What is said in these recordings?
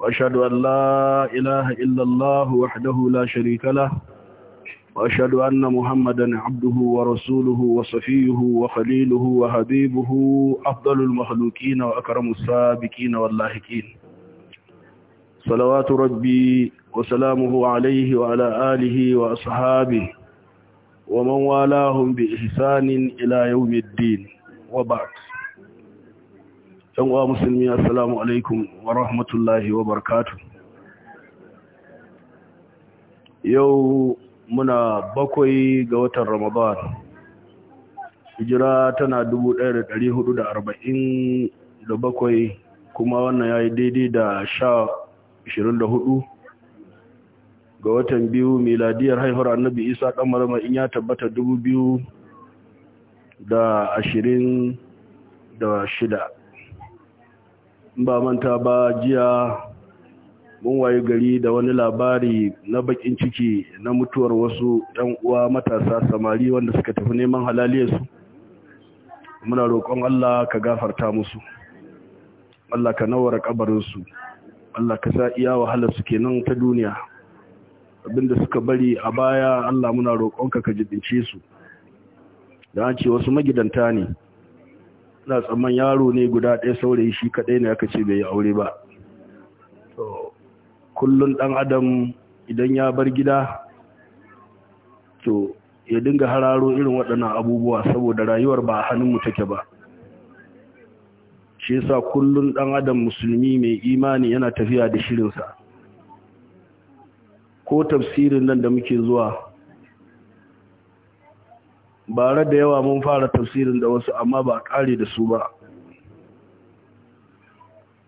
وأشهد أن لا إله إلا الله وحده لا شريك له وأشهد أن محمدا عبده ورسوله وصفيه وخليله وحبيبه أفضل المخلوقين وأكرم السابقين واللاهكين صلوات ربي وسلامه عليه وعلى آله وأصحابه ومن والاهم بإحسان إلى يوم الدين وبعد yan uwa musulmi assalamu alaikum wa rahmatullahi wa barkatu. yau muna bakwai ga watan ramadan hijira tana bakwai kuma wannan ya yi daidai da sha ga watan biyu miladiyar haihuwar annabi isa ɗan marama in ya tabbata dubu biyu da ashirin shida ba manta ba jiya mun waye gari da wani labari na bakin ciki na mutuwar wasu ɗan uwa matasa samari wanda suka tafi neman halaliyarsu muna roƙon Allah ka gafarta musu Allah ka kabarinsu Allah ka sa iya wahalar su nan ta duniya abinda suka bari a baya Allah muna roƙonka ka jibince su da an ce wasu magidanta ne na tsamman yaro ne guda ɗaya saurayi shi kaɗai ne aka ce bai yi aure ba kullum ɗan adam idan ya bar gida to ya dinga hararo irin waɗannan abubuwa saboda rayuwar ba a hannunmu take ba shi yasa kullum ɗan adam musulmi mai imani yana tafiya da shirinsa ko tafsirin nan da muke zuwa bare da yawa mun fara tafsirin da wasu amma ba ƙare da su ba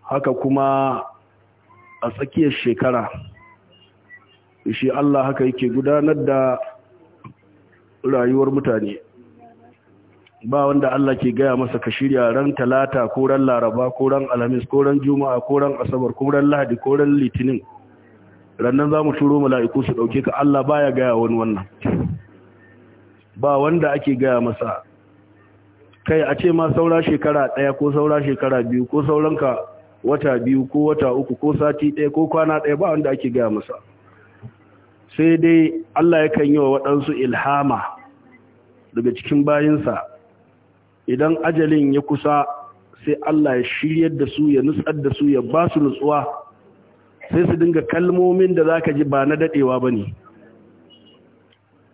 haka kuma a tsakiyar shekara shi Allah haka yake gudanar da rayuwar mutane ba wanda Allah ke gaya masa ka shirya ran talata ko ran laraba ko ran alhamis ko ran juma'a ko ran asabar ko ran lahadi ko ran litinin rannan za mu turo mala'iku su ɗauke ka Allah baya gaya wani wannan ba wanda ake gaya masa kai a ce ma saura shekara ɗaya ko saura shekara biyu ko sauranka wata biyu ko wata uku ko sati ɗaya ko kwana ɗaya ba wanda ake gaya masa sai dai Allah ya kan yi wa waɗansu ilhama daga cikin bayinsa idan ajalin ya kusa sai Allah ya shirya da su ya nutsar da su ya ba su nutsuwa sai su dinga kalmomin da za ka ji ba na daɗewa ba ne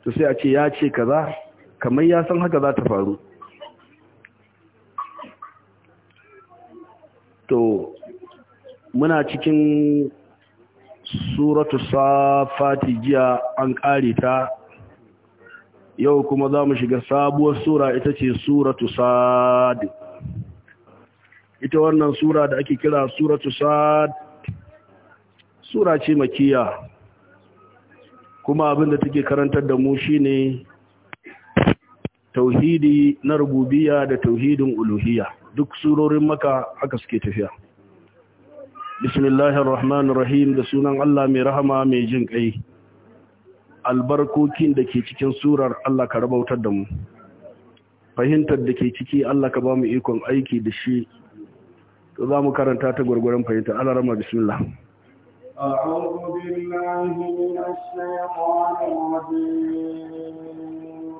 to sai a ce ya ce kaza kamar ya san haka za ta faru to muna cikin suratu safati jiya an ƙare ta yau kuma za mu shiga sabuwar sura ita ce suratu sadi ita wannan sura da ake kira suratu sadi sura ce makiya kuma abin da take karantar da mu shine tauhidi na rububiyya da tauhidin uluhiyya duk surorin maka haka suke tafiya bismillahir rahmanir rahim da sunan Allah mai rahama mai jin kai albarkokin da ke cikin surar Allah ka rabautar da mu fahimtar da ke ciki Allah ka ba mu ikon aiki da shi to za mu karanta ta gurgurun fahimta Allah bismillah أعوذ بالله من الشيطان الرجيم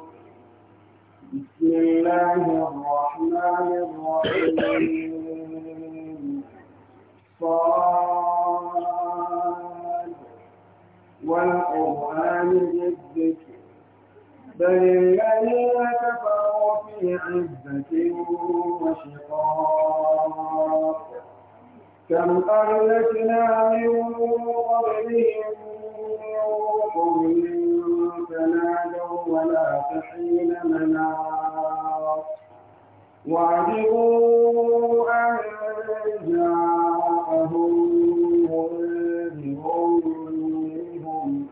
بسم الله الرحمن الرحيم صاد والقرآن بالذكر بل الذين كفروا في عزة وشقاق كم أهلكنا من قبلهم قرن تنادوا ولا تحين مناص وعجبوا أن جاءهم منذر منهم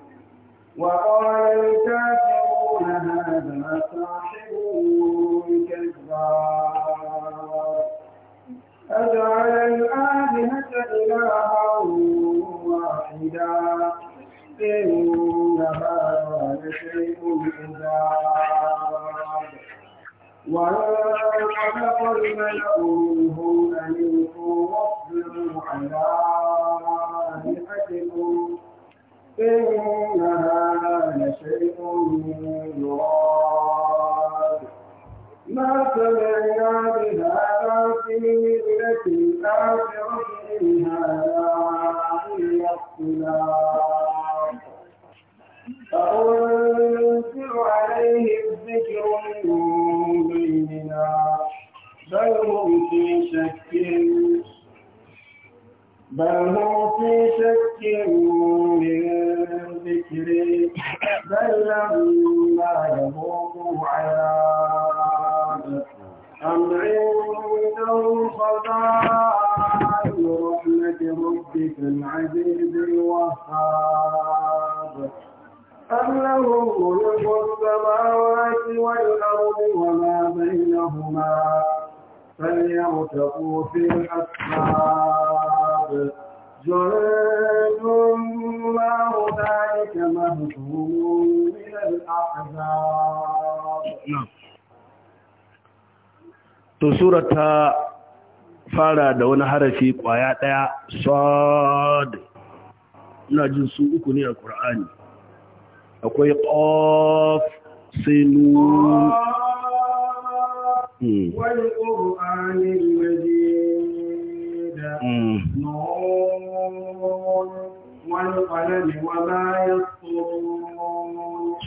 وقال الكافرون هذا ساحر كذاب أجعل الآلهة إلها واحدا إن هذا لشيء عجاب وانطلق الملأ منهم أن القوا واصبروا على آلهتكم إن هذا لشيء يرام ما سمعنا بهذا في ملة الآخرة إن هذا إلا اختلاف فأنزل عليه الذكر من بيننا بل هم في شك بل هم في شك من ذكري بل لما يذوقوا عذاب العزيز الوهاب أم له ملك السماوات والأرض وما بينهما فليرتقوا في الأسباب جند ما ذلك مهزوم من الأحزاب نعم سورة fara da wani harafi kwaya ɗaya sad na jin su uku ne a ƙur'ani akwai ƙof sai nun hmm. Hmm.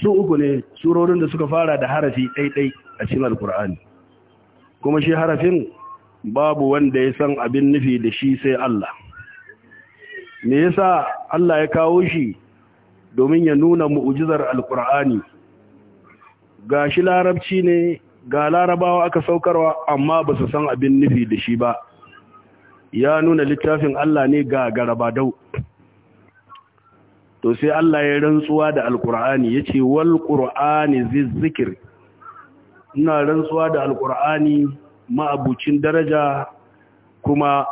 su uku ne surorin da suka fara da harafi ɗaiɗai a cikin alkur'ani kuma shi harafin babu wanda ya san abin nufi da shi sai Allah me yasa Allah ya kawo shi domin ya nuna mu'ujizar alkur'ani ga shi larabci ne ga larabawa aka saukarwa amma ba su san abin nufi da shi ba ya nuna littafin Allah ne ga garabadau to sai Allah ya rantsuwa da alkur'ani ya ce wal qurani zikir ina rantsuwa da alkur'ani ma'abucin daraja kuma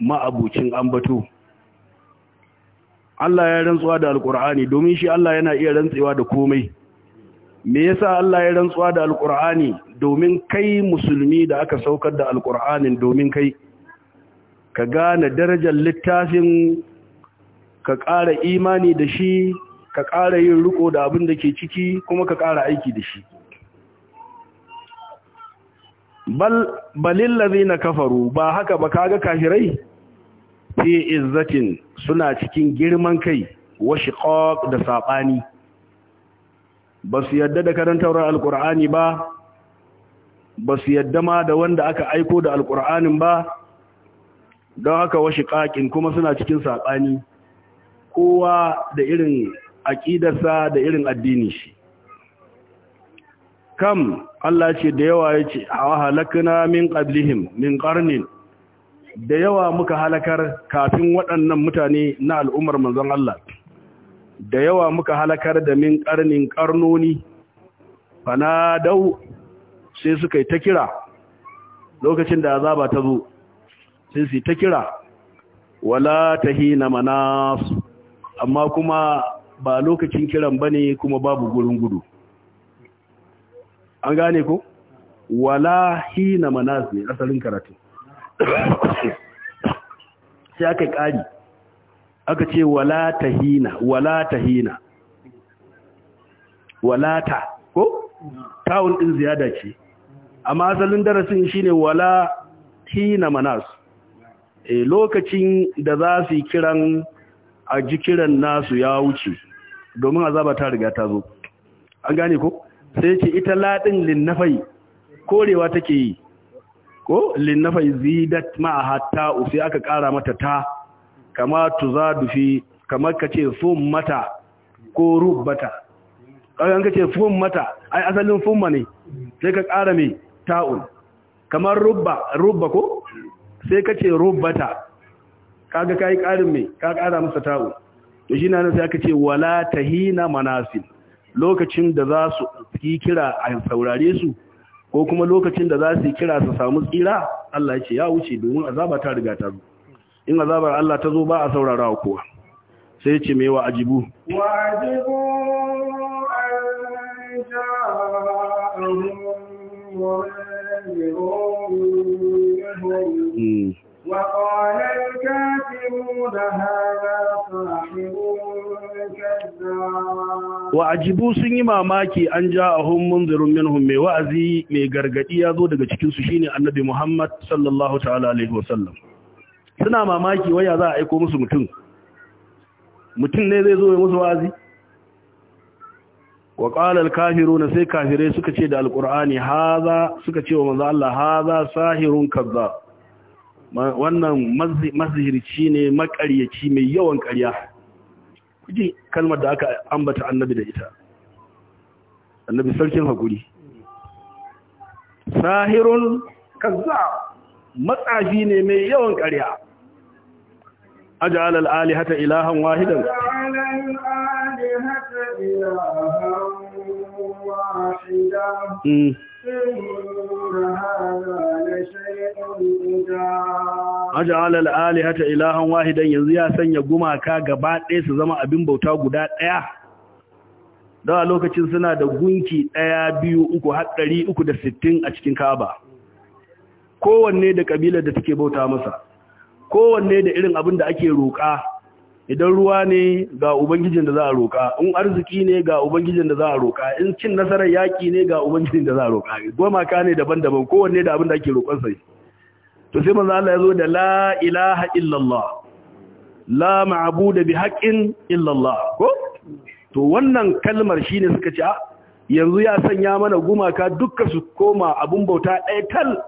ma'abucin ambato Allah ya rantsuwa da alkur'ani domin shi Allah yana iya rantsewa da komai me yasa Allah ya rantsuwa da alkur'ani domin kai musulmi da aka saukar da Alkur'ani domin kai ka gane darajar littafin ka ƙara imani da shi ka ƙara yin riko da abin da ke ciki kuma ka ƙara aiki da shi bal balil ladina kafaru ba haka ba kaga kafirai fi izzatin suna cikin girman kai wa shiqaq da sabani ba yadda da karantawar alqur'ani ba ba yadda ma da wanda aka aiko da alqur'anin ba don haka wa shiqaqin kuma suna cikin sabani kowa da irin aqidarsa da irin addinin shi kam Allah ce da yawa ya ce a halakuna min qablihim min qarnin da yawa muka halakar kafin waɗannan mutane na al'ummar manzon Allah da yawa muka halakar da min qarnin qarnoni dau sai suka yi ta kira lokacin da azaba ta zo sai su yi ta kira wala tahina manas amma kuma ba lokacin kiran bane kuma babu gurin gudu an gane ko wala hina manas ne asalin karatu sai aka ƙari aka ce wala tahina wala tahina wala ta ko tawun din ziyada ce amma asalin darasin shine wala hina manas eh lokacin da za su kiran a ji kiran nasu ya wuce domin azaba ta riga ta zo an gane ko sai ce ita laɗin linnafai korewa take yi ko linnafai zidat ma'aha hatta sai aka ƙara mata ta kama tuzadu fi kamar ka ce fun mata ko rubbata an ka ce fun mata ai asalin funma ne sai ka ƙara mai ta'un kamar rubba rubba ko sai ka ce rubbata kaga yi ƙarin mai ka ƙara masa ta'un to shi na nan sai aka ce wala tahina manasib lokacin da za su yi kira a saurare su ko kuma lokacin da za su yi kira su samu tsira Allah ya ce ya wuce domin azaba ta riga ta zo in azabar Allah ta zo ba a saurara wa kowa sai ce mai wa ajibu wa an ja'ahum وقال الكافرون هذا ساحر كذاب وعجبوا سن mamaki an ja'ahum munzirun minhum mai wa'azi mai gargadi zo daga cikin su shine annabi Muhammad sallallahu ta'ala alaihi wasallam suna mamaki waya za a aiko musu mutum mutum ne zai zo ya musu wa'azi wa qala al-kafiruna sai kafirai suka ce da alqur'ani haza suka ce wa manzo Allah haza sahirun kaza. wannan mazihirci ne makaryaci mai yawan karya kuji kalmar da aka ambata annabi da ita annabi sarkin hakuri sahirun kaza matsafi ne mai yawan karya ajal al'ali hata ilahan wahidan واحدة إن هذا ilahan wahidan yanzu ya sanya gumaka gaba ɗaya su zama abin bauta guda ɗaya. Da a lokacin suna da gunki ɗaya biyu uku haɗari uku da sittin a cikin kaba. Kowanne da ƙabilar da take bauta masa, kowanne da irin abin da ake roƙa idan ruwa ne ga ubangijin da za a roƙa in arziki ne ga ubangijin da za a roƙa in cin nasarar yaƙi ne ga ubangijin da za a roƙa goma ka ne daban-daban kowanne da abin da ake roƙon sai to sai manzo Allah ya zo da la ilaha illallah la ma'budu bi haqqin illallah ko to wannan kalmar shine suka ce yanzu ya sanya mana gumaka dukkan su koma abun bauta ɗaya tal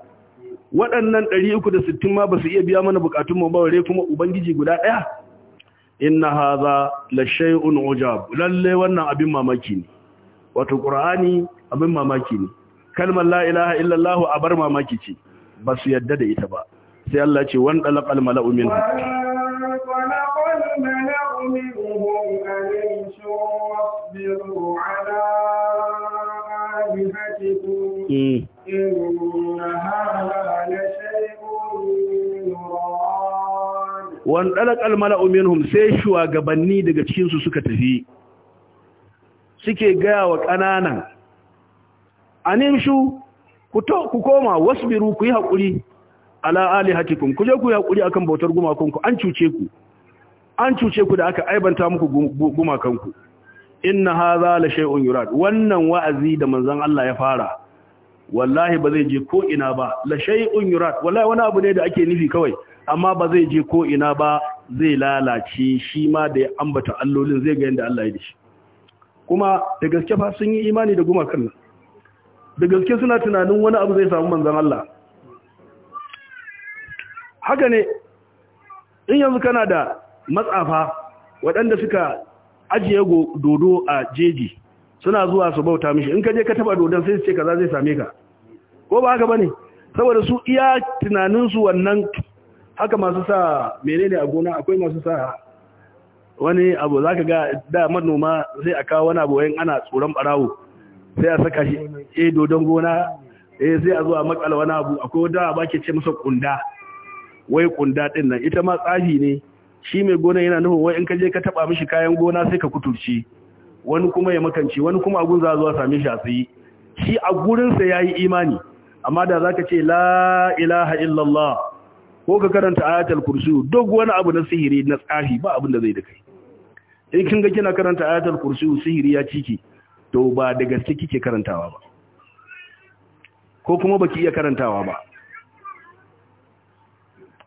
waɗannan 360 ma ba su iya biya mana bukatun mu ba bare kuma ubangiji guda ɗaya inna haza la shay'un ujab lalle wannan abin mamaki ne wato qur'ani abin mamaki ne kalmar la ilaha illallah abar mamaki ce ba su yadda da ita ba sai Allah ce wan dalaqal mala'u minhu wan ɗalakal mala'u sai shugabanni daga cikinsu suka tafi suke gaya wa ƙananan. A ku ku koma wasu biru ku yi hakuri ala'ali hatikun ku je ku yi hakuri akan bautar gumakonku an cuce ku an cuce ku da aka aibanta muku gumakanku inna za la shay'un yurad wannan wa'azi da manzan Allah ya fara wallahi ba zai je ko ina ba la shay'un yurad wallahi wani abu ne da ake nufi kawai amma ba zai je ko ina ba zai lalace shi ma da ya ambata allolin zai ga yadda Allah ya dashi kuma da gaske fa sun yi imani da gumakan nan da gaske suna tunanin wani abu zai samu manzan Allah haka ne in yanzu kana da matsafa waɗanda suka ajiye dodo a jeji suna zuwa su bauta mishi in ka je ka taba dodon sai su ce kaza zai same ka ko ba haka bane saboda su iya tunaninsu wannan haka masu sa menene a gona akwai masu sa wani abu zaka ga da manoma sai a kawo wani abu wayan ana tsoron barawo sai a saka shi eh dodon gona eh sai a zo a wani abu akwai wanda ba ke ce masa kunda wai kunda din nan ita ma tsafi ne shi mai gona yana nufin wai in ka je ka taba mishi kayan gona sai ka kuturci wani kuma ya makanci wani kuma agun za zuwa same shi a tsayi shi a gurinsa ya yi imani amma da za ka ce la ilaha illallah ko ka karanta ayatul kursi duk wani abu na sihiri na tsafi ba abin da zai da kai in kin ga kina karanta ayatul kursi sihiri ya ciki to ba da gaske kike karantawa ba ko kuma baki iya karantawa ba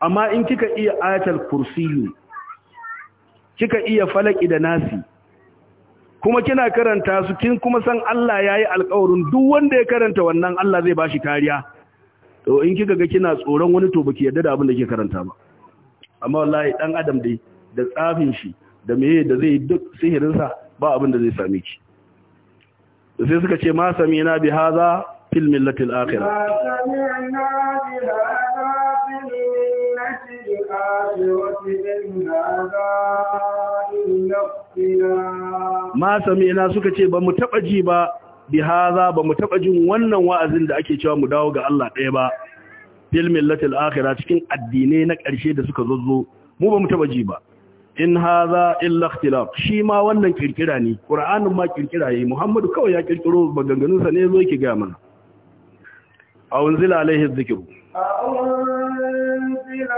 amma in kika iya ayatul kursi kika iya falaki da nasi kuma kina karanta su kin kuma san Allah yayi alƙawarin duk wanda ya karanta wannan Allah zai bashi kariya to in kika ga kina tsoron wani to baki yarda da abin da ke karanta ba amma wallahi dan adam dai da tsafin shi da meye da zai duk sihirin sa ba abin da zai same ki sai suka ce ma samina bi hadha fil millati al akhirah ma samina suka ce ba mu taba ji ba bihaza ba mu taba jin wannan wa'azin da ake cewa mu dawo ga Allah ɗaya ba fil millatil akhirah cikin addinai na ƙarshe da suka zozo mu ba mu taɓa ji ba in haza illa ikhtilaf shi ma wannan kirkira ne qur'anin ma kirkira yayi muhammadu kawai ya kirkiro maganganun sa ne zo yake ga mana aw unzila alaihi dhikru aw unzila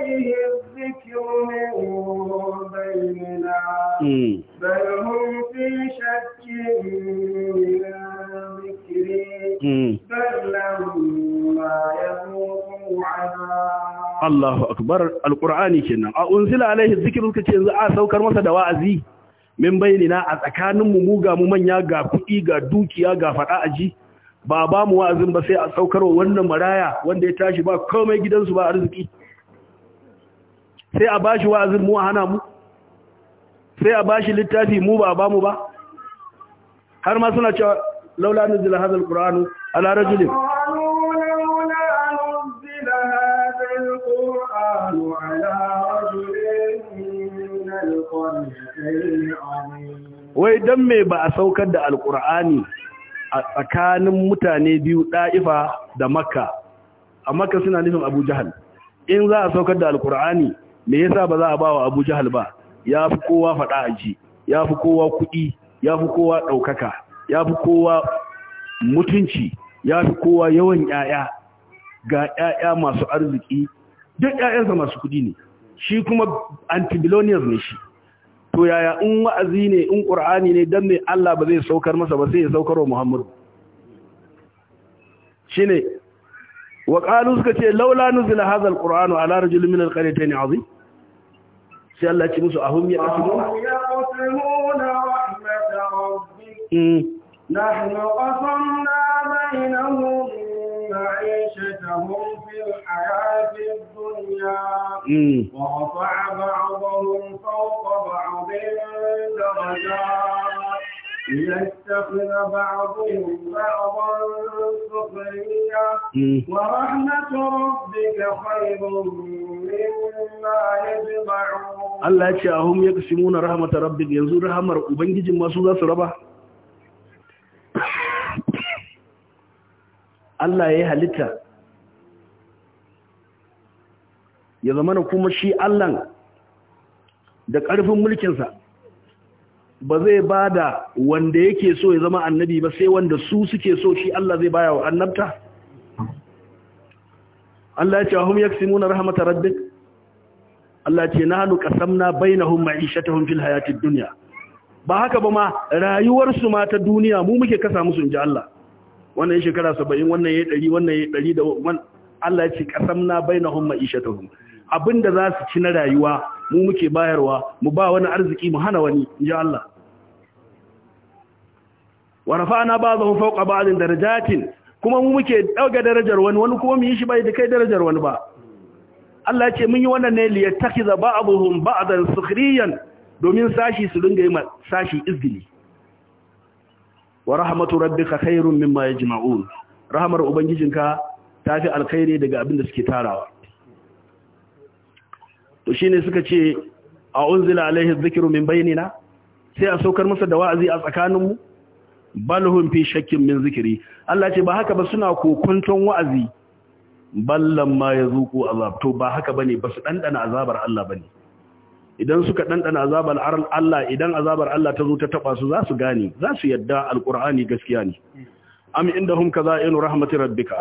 alaihi dhikru min Allahu akbar alqur'ani kenan a unzila alaihi dhikru kace yanzu a saukar masa da wa'azi min bainina a tsakanin mu mu ga mu manya ga kuɗi ga dukiya ga fada aji ba ba mu wa'azin ba sai a saukar wannan maraya wanda ya tashi ba komai gidansu ba arziki sai a bashi wa'azin mu a hana mu sai a bashi littafi mu ba ba mu ba har ma suna cewa لولا نزل هذا القرآن على رجل wai don me ba a saukar da alkur'ani a tsakanin mutane biyu ɗa'ifa da makka a makka suna nufin abu jahal in za a saukar da alkur'ani me yasa ba za a ba wa abu jahal ba ya fi kowa faɗa a ji ya fi kowa kuɗi ya fi kowa ɗaukaka ya fi kowa mutunci ya fi kowa yawan ‘ya'ya ga ‘ya'ya masu arziki duk ‘ya'yansa masu kudi ne shi kuma antibiloniyar ne shi to yaya in wa'azi ne in ƙur'ani ne don mai Allah ba zai saukar masa ba sai ya saukar wa Muhammadu shi ne wa ƙalu suka ce laula nuzila hazal ƙur'anu ala rajul min alqaryatayn azim sai Allah ci musu ahum ya qasmuna نحن قسمنا بينهم معيشتهم في الحياة الدنيا ورفع بعضهم فوق بعض درجات ليتخذ بعضهم بعضا سخريا ورحمة ربك خير مما يجمعون الله يجعلهم يقسمون رحمة ربك ينزل رحمة وبنجي ما سوى ربه Allah ya yi halitta ya zama na kuma shi Allah da ƙarfin mulkinsa ba zai ba da wanda yake so ya zama annabi ba sai wanda su suke so shi Allah zai baya wa annabta Allah ya ce wa hum yaksimuna rahmatar rabbik Allah ce na bai na qasamna bainahum ta fil hayatun duniya. ba haka ba ma rayuwarsu ma ta duniya mu muke kasa musu inji Allah wannan shekara 70 wannan ya 100 wannan ya 100 da Allah ya ce qasamna bainahum ma'ishatuhum abinda za su ci na rayuwa mu muke bayarwa mu ba wani arziki mu hana wani inji Allah wa rafa'na ba'dahum fawqa ba'din darajatin kuma mu muke dauga darajar wani wani kuma mu yi shi bai da kai darajar wani ba Allah ya ce mun yi wannan ne liyattakhidha ba'dhum ba'dan sukhriyan domin sashi su ringa yi ma sashi izgili wa rahmatu rabbika khairun mimma yajma'un rahmar ubangijinka tafi alkhairi daga abin da suke tarawa to shine suka ce a unzila alaihi dhikru min bainina sai a saukar masa da wa'azi a tsakaninmu bal hum fi shakkin min zikri Allah ce ba haka ba suna kokonton wa'azi ballan ma yazuqu azab to ba haka bane ba su dandana azabar Allah bane idan suka ɗanɗana azabar Allah idan azabar Allah ta zo ta taɓa su za su gane za su yadda alƙur'ani gaskiya ne am inda hum kaza inu rahmatin rabbika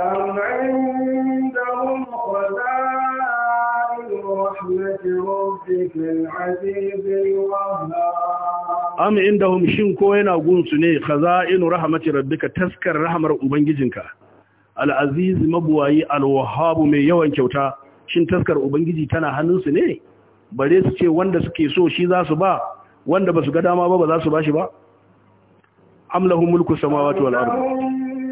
am inda hum shin ko yana gunsu ne kaza inu rahmatin rabbika taskar rahmar ubangijinka al'aziz mabuwayi alwahabu mai yawan kyauta shin taskar ubangiji tana hannunsu ne bare su ce wanda suke so shi za su ba wanda ba su ga dama ba ba za su ba shi ba amlahu mulku samawati wal ardi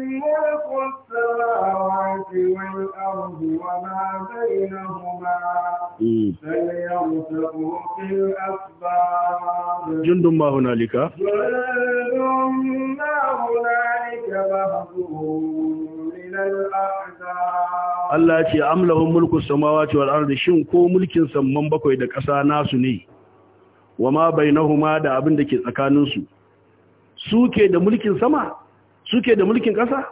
hmm. jundun ma hunalika jundun ma hunalika mahzun Allah ya ce amlahum mulku samawati wal ardi shin ko mulkin samman bakwai da ƙasa nasu ne wa ma bainahuma da abin da ke tsakanin su suke da mulkin sama suke da mulkin ƙasa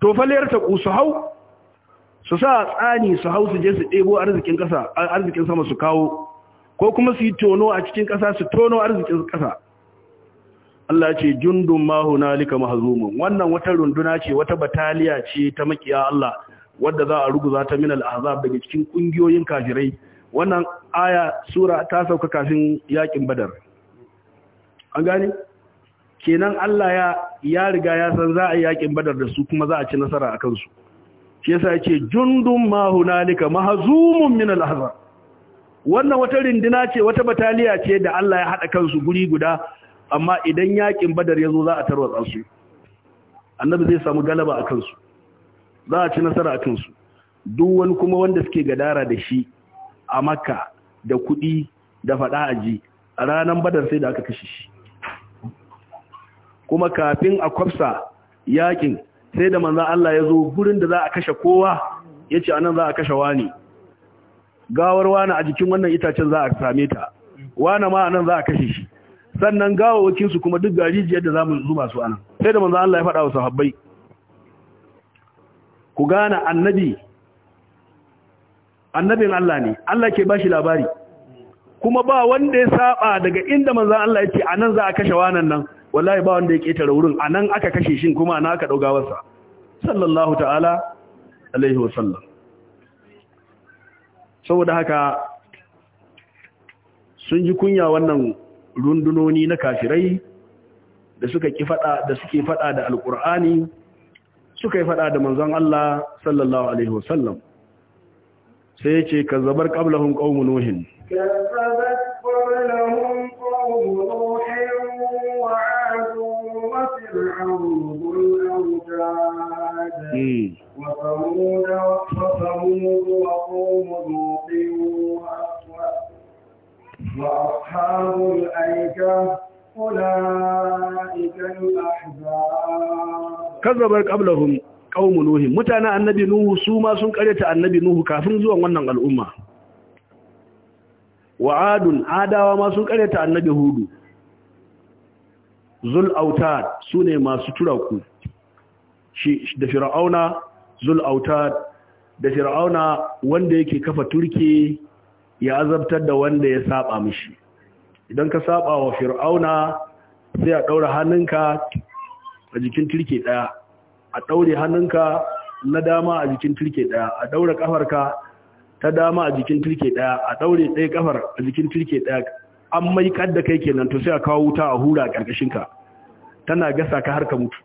to faliyar ta ku su hau su sa tsani su hau su je su ɗebo arzikin ƙasa arzikin sama su kawo ko kuma su yi tono a cikin ƙasa su tono arzikin ƙasa Allah ce jundun ma hunalika mahzumun wannan wata runduna ce wata bataliya ce ta makiya Allah wadda za a ruguza ta min al-ahzab daga cikin kungiyoyin kafirai wannan aya sura ta sauka kafin yakin badar an gani. kenan Allah ya ya riga ya san za a yakin badar da su kuma za a ci nasara akan su shi yasa yace jundun ma hunalika mahzumun min al-ahzab wannan wata runduna ce wata bataliya ce da Allah ya hada kansu guri guda amma idan yakin badar ya zo za a tarwatsa su annabi zai samu galaba a kansu za a ci nasara a kansu duk wani kuma wanda suke gadara da shi a makka da kuɗi da faɗa ji a ranar badar sai da aka kashe shi kuma kafin a kwafsa yakin sai da manzan Allah ya zo gurin da za a kashe kowa ya ce anan za a kashe wani gawar wani a jikin wannan itacen za a same ta wani ma anan za a kashe shi sannan gawawakin su kuma duk garijiyar da zamu zuba su anan sai da manzo Allah ya faɗa wa sahabbai ku gane annabi annabin Allah ne Allah ke bashi labari kuma ba wanda ya saba daga inda manzo Allah yake anan za a kashe wannan nan wallahi ba wanda ya ketare wurin anan aka kashe shin kuma anan aka dauga wasa sallallahu ta'ala alaihi wa sallam saboda haka sun ji kunya wannan rundunoni na kafirai da suka ki fada da suke fada da alqur'ani suka yi fada da manzon Allah sallallahu alaihi wasallam sai yace kazzabar qablahum qaumun nuhin kazzabat qablahum qaumun nuhin wa 'adu wa fir'aun وأصحاب الأيكة أولئك الأحزاب كذب annabi nuhu su ma sun karyata annabi nuhu kafin zuwa wannan al'umma Wa'adun adun adawa ma sun karyata annabi hudu zul autad sune masu turaku da fir'auna zul autad da fir'auna wanda yake kafa turke ya azabtar da wanda ya saba mishi idan ka saba wa fir'auna sai a daura hannunka a jikin turke daya a daure hannunka na dama a jikin turke daya a daura kafarka ta dama a jikin turke daya a daure ɗaya kafar a jikin turke daya an mai kadda kai kenan to sai a kawo wuta a hura a karkashin ka tana gasa ka har ka mutu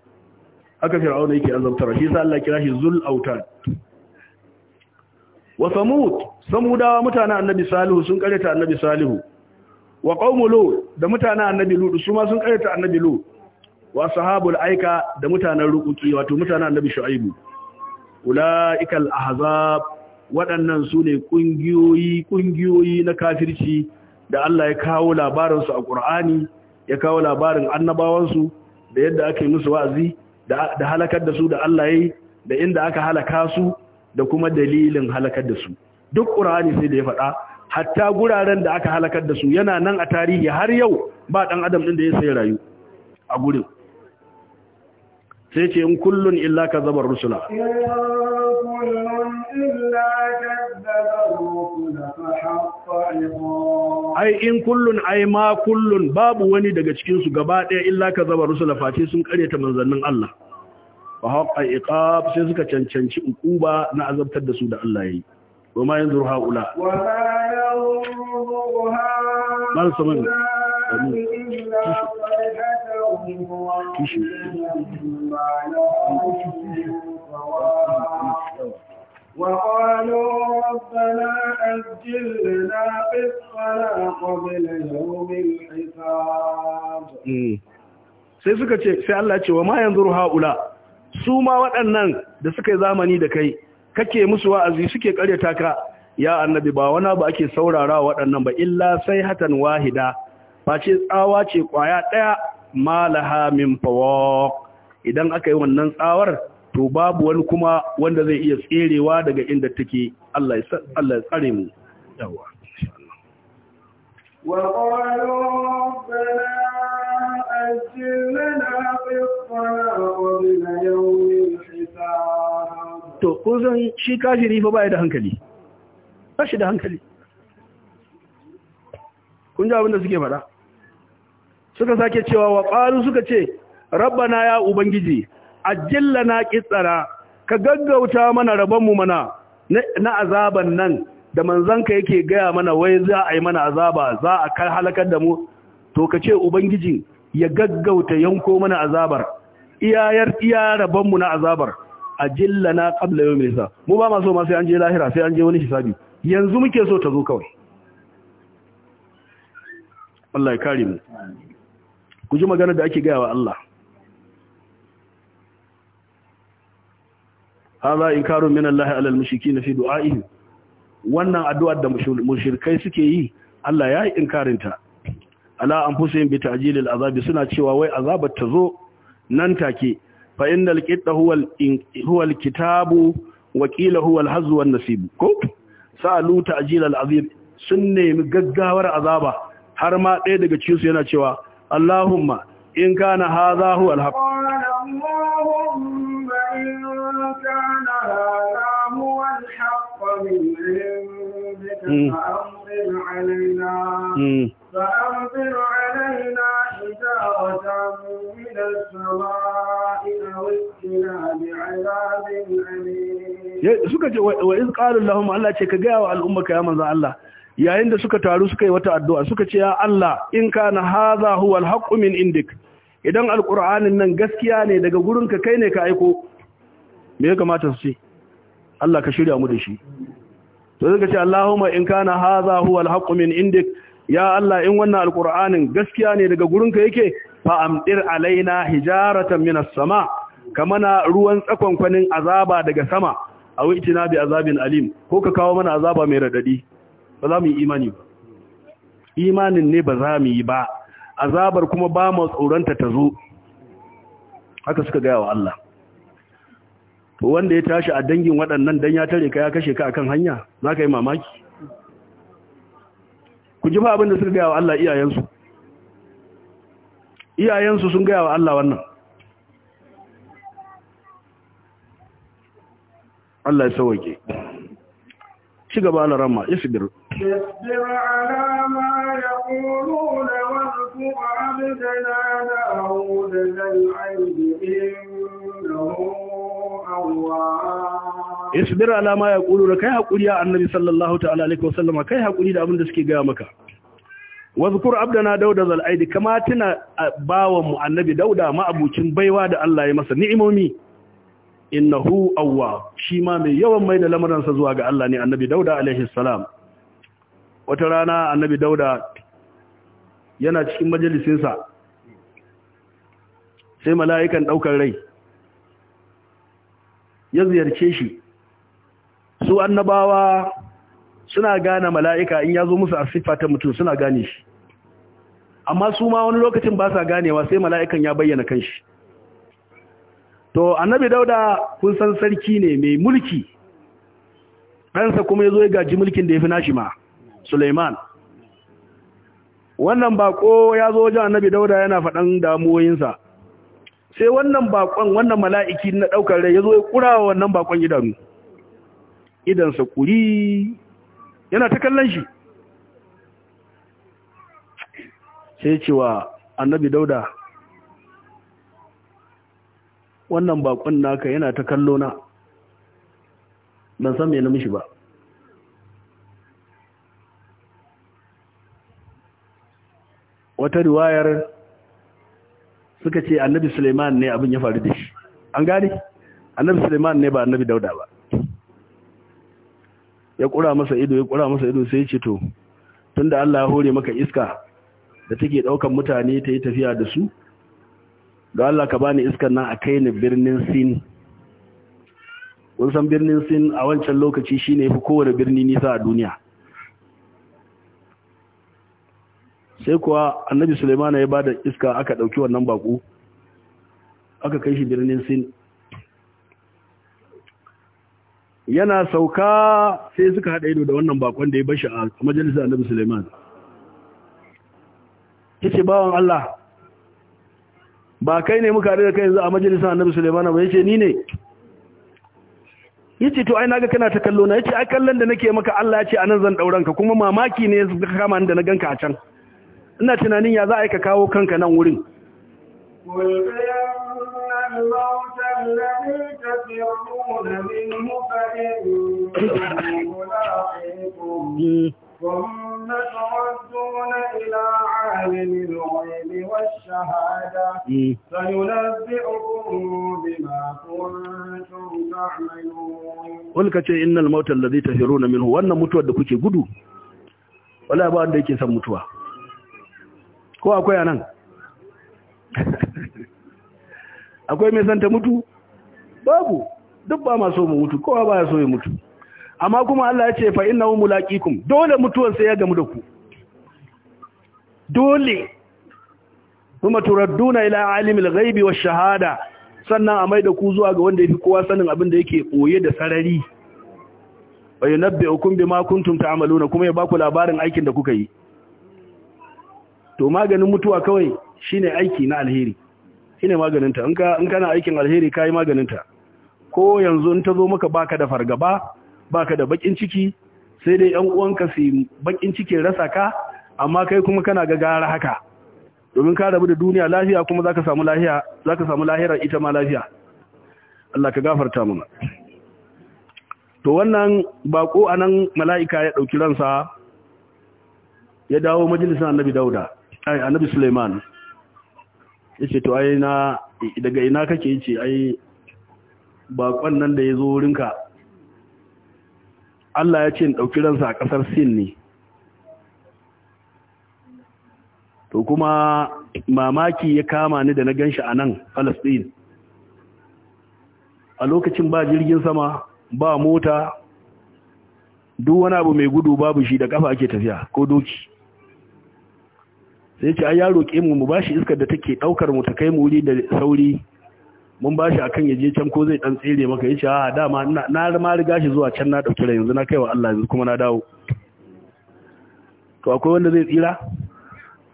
haka fir'auna yake azabtar shi sai Allah kira shi zul autan wa samud samudawa mutanen annabi salihu sun kareta annabi salihu wa qaumu da mutanen annabi Ludu su ma sun kareta annabi Lu. wa sahabul aika da mutanen rukuki wato mutanen annabi shu'aibu ulaikal ahzab waɗannan su ne kungiyoyi kungiyoyi na kafirci da Allah ya kawo labarin su a Qur'ani ya kawo labarin annabawan su da yadda ake musu wa'azi da halakar da su da Allah yayi da inda aka halaka su da kuma dalilin halakar da su duk qur'ani sai da ya faɗa hatta guraren da aka halakar da su yana nan a tarihi har yau ba dan adam din da ya sai rayu a gurin sai ce in kullun illa ka zabar rusula ai in kullun ai ma kullun babu wani daga cikin su gaba ɗaya illa ka zabar rusula face sun kareta manzannin Allah wa haqqa iqab sai suka cancanci ukuba na azabtar da su da Allah yayi wa ma yanzuru haula wa وقالوا ربنا أجل لنا قبل يوم الحساب sai suka ce sai Allah ce wa ma haula su ma waɗannan da suka yi zamani da kai kake musu wa'azi suke karya taka, ya annabi ba wana ba ake saurara waɗannan ba illa sai hatan wahida face tsawa ce kwaya ɗaya malaha min fawaq idan aka yi wannan tsawar to babu wani kuma wanda zai iya tserewa daga inda take Allah ya Allah ya tsare mu yawa wa qalu rabbana ajilna fi to kun san shi kafiri fa bai da hankali ba shi da hankali kun ji abin suke faɗa suka sake cewa wa suka ce rabbana ya ubangiji na kitsara ka gaggauta mana mu mana na azaban nan da manzanka yake gaya mana wai za a yi mana azaba za a kai halakar da mu to ka ce ubangiji ya gaggauta yanko mana azabar iyayar iya rabanmu na azabar ajillana qabla yawmi hisab mu ba ma so ma sai an je lahira sai an je wani hisabi yanzu muke so ta zo kawai Allah ya kare mu ku ji magana da ake gaya wa Allah hada inkaru min Allah ala al-mushrikeen fi du'a'ihim wannan addu'ar da mushrikai suke yi Allah ya yi ta ala anfusihim bi ta'jilil azabi suna cewa wai azabar ta zo nan take fa innal qitta huwa huwa kitabu wa qila huwa al-hazz ko sa'alu ta'jil al-azim sun nemi gaggawar azaba har ma ɗaya daga cikin yana cewa Allahumma in kana hadha huwa al-haq suka ce wa iz qalu lahum Allah ce ka gaya wa ka ya manzo Allah yayin da suka taru suka yi wata addu'a suka ce ya Allah in kana hadha huwa al-haqqu min indik idan al-qur'anin nan gaskiya ne daga gurinka kai ne ka aiko me ya kamata su ce Allah ka shirya mu da shi to suka ce Allahumma in kana hadha huwa al-haqqu min indik ya Allah in wannan al-qur'anin gaskiya ne daga gurinka yake fa amdir alaina hijaratan as sama kamana ruwan tsakon kwanin azaba daga sama awi itina bi azabin alim ko ka kawo mana azaba mai radadi ba za mu yi imani ba imanin ne ba za mu yi ba azabar kuma ba mu tsoronta ta zo haka suka gaya wa Allah to wanda ya tashi a dangin waɗannan dan ya tare ka ya kashe ka akan hanya za ka yi mamaki ku ji ba abin da suka gaya wa Allah iyayensu iyayensu sun gaya wa Allah wannan Allah ya sauke ci gaba na rama isbir isbir ala ma yaquluna wa zkur abdana daud zal aidi innahu awwab isbir ala ma yaquluna kai hakuri a annabi sallallahu ta'ala alaihi wasallama kai haƙuri da abin da suke gaya maka wa zkur abdana Dauda zal aidi kama tuna bawan mu annabi dauda ma abucin baiwa da Allah ya masa ni'imomi innahu awwa shi ma mai yawan mai da lamaransa zuwa ga Allah ne annabi dauda alaihi salam wata rana annabi dauda yana cikin majalisinsa sai mala'ikan ɗaukar rai ya ziyarce shi su annabawa suna gane mala'ika in ya zo musu a siffa mutum suna gane shi amma su ma wani lokacin ba sa ganewa sai mala'ikan ya bayyana kan shi to annabi dauda kun san sarki ne mai mulki ɗansa kuma ya zo ya gaji mulkin da ya fi nashi ma suleiman wannan bako ya zo wajen annabi dauda yana faɗan damuwoyinsa sai wannan bakon wannan mala'iki na ɗaukar rai ya zo ya ƙura wa wannan bakon idanu idansa ƙuri yana ta kallon shi sai cewa annabi dauda wannan bakon naka yana ta kallo na ban san me na mishi ba wata riwayar suka ce annabi suleiman ne abin ya faru da shi an gani, annabi suleiman ne ba annabi dauda ba ya kura masa ido ya kura masa ido sai ce to tunda Allah ya hore maka iska da take daukan mutane ta yi tafiya da su ga Allah ka bani iskan nan a kai ni birnin sin kun san birnin sin a wancan lokaci shine fi kowane birni nisa a duniya sai kuwa annabi suleimana ya bada iska aka ɗauki wannan baku aka kai shi birnin sin yana sauka sai suka haɗa ido da wannan bakon da ya bashi a majalisar annabi suleiman ya ce bawan Allah ba kai ne muka da kai yanzu a majalisar annabi suleimana ba yace ni ne yace to ai naga kana ta kallo na yace ai kallon da nake maka Allah yace anan zan dauran ka kuma mamaki ne ka kama ni da na ganka a can ina tunanin ya za a yi ka kawo kanka nan wurin Mm-hmm. ثم تردون إلى عالم الغيب والشهادة فينبئكم بما كنتم تعملون قل كتي إن الموت الذي تهرون منه وأن متوى دكوكي قدو ولا ديكي سم متوى ko akwai nan, akwai mai santa mutu babu duk ba ma so mu mutu kowa ba ya so ya mutu amma kuma Allah ya ce fa hum mulaqikum dole mutuwan sai ya gamu da ku dole kuma turadduna ila alimil ghaibi wash shahada sannan a mai da ku zuwa ga wanda yake kowa sanin abin da yake koye da sarari wa yunabbi'ukum bima kuntum ta'maluna kuma ya baku labarin aikin da kuka yi to maganin mutuwa kawai shine aiki na alheri shine maganin ta in ka in kana aikin alheri kai maganin ta ko yanzu in ta zo maka baka da fargaba baka da bakin ciki sai dai yan uwanka su bakin cikin rasa ka amma kai kuma kana ga gara haka domin ka rabu da duniya lafiya kuma zaka samu lafiya zaka samu lahira ita ma lafiya Allah ka gafarta mana to wannan bako anan mala'ika ya dauki ransa ya dawo majalisar Annabi Dauda ai Annabi Suleiman yace to ai na daga ina kake yace ai bakon nan da ya zo Allah ya ce in ɗauki ransa a ƙasar Sin ne. To kuma mamaki ya kama ni da na ganshi a nan Falasɗin. A lokacin ba jirgin sama, ba mota, duk wani abu mai gudu babu shi da kafa ake tafiya ko doki. Sai ce, ai ya roƙe mu mu ba shi iskar da take ɗaukar mu ta kai mu wuri da sauri mun ba shi akan yaje can ko zai dan tsere maka yace a dama na ma riga shi zuwa can na dauki rai yanzu na kaiwa Allah yanzu kuma na dawo to akwai wanda zai tsira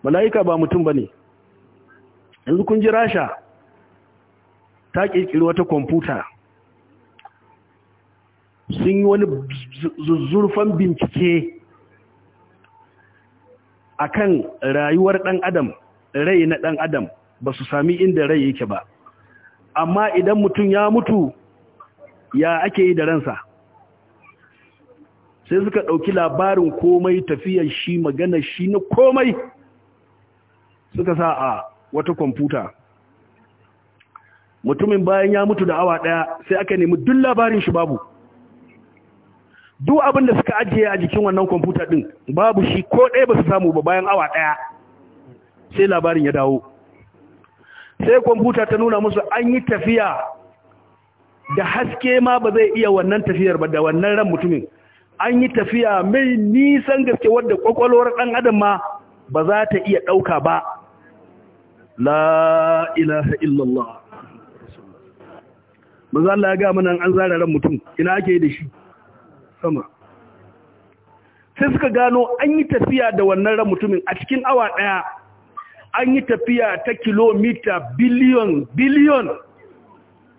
mala'ika ba mutum bane yanzu kun ji rasha ta kirkiri wata kwamfuta sun yi wani zuzzurfan bincike akan rayuwar ɗan adam rai na dan adam ba su sami inda rai yake ba amma idan mutum ya mutu ya ake yi da ransa sai suka ɗauki labarin komai tafiyar shi magana shi na komai suka sa a wata kwamfuta mutumin bayan ya mutu da awa ɗaya sai aka nemi duk labarin shi babu duk abin da suka ajiye a jikin wannan kwamfuta ɗin babu shi ko ɗaya ba su samu ba bayan awa ɗaya sai labarin ya dawo sai kwamfuta ta nuna musu an yi tafiya da haske ma ba zai iya wannan tafiyar ba da wannan ran mutumin an yi tafiya mai nisan gaske wadda kwakwalwar ɗan adam ma ba za ta iya ɗauka ba la ilaha illallah Ba za la ga mana an zara ran mutum ina ake yi da shi sama sai suka gano an yi tafiya da wannan ran mutumin a cikin awa ɗaya an yi tafiya ta kilomita biliyon biliyon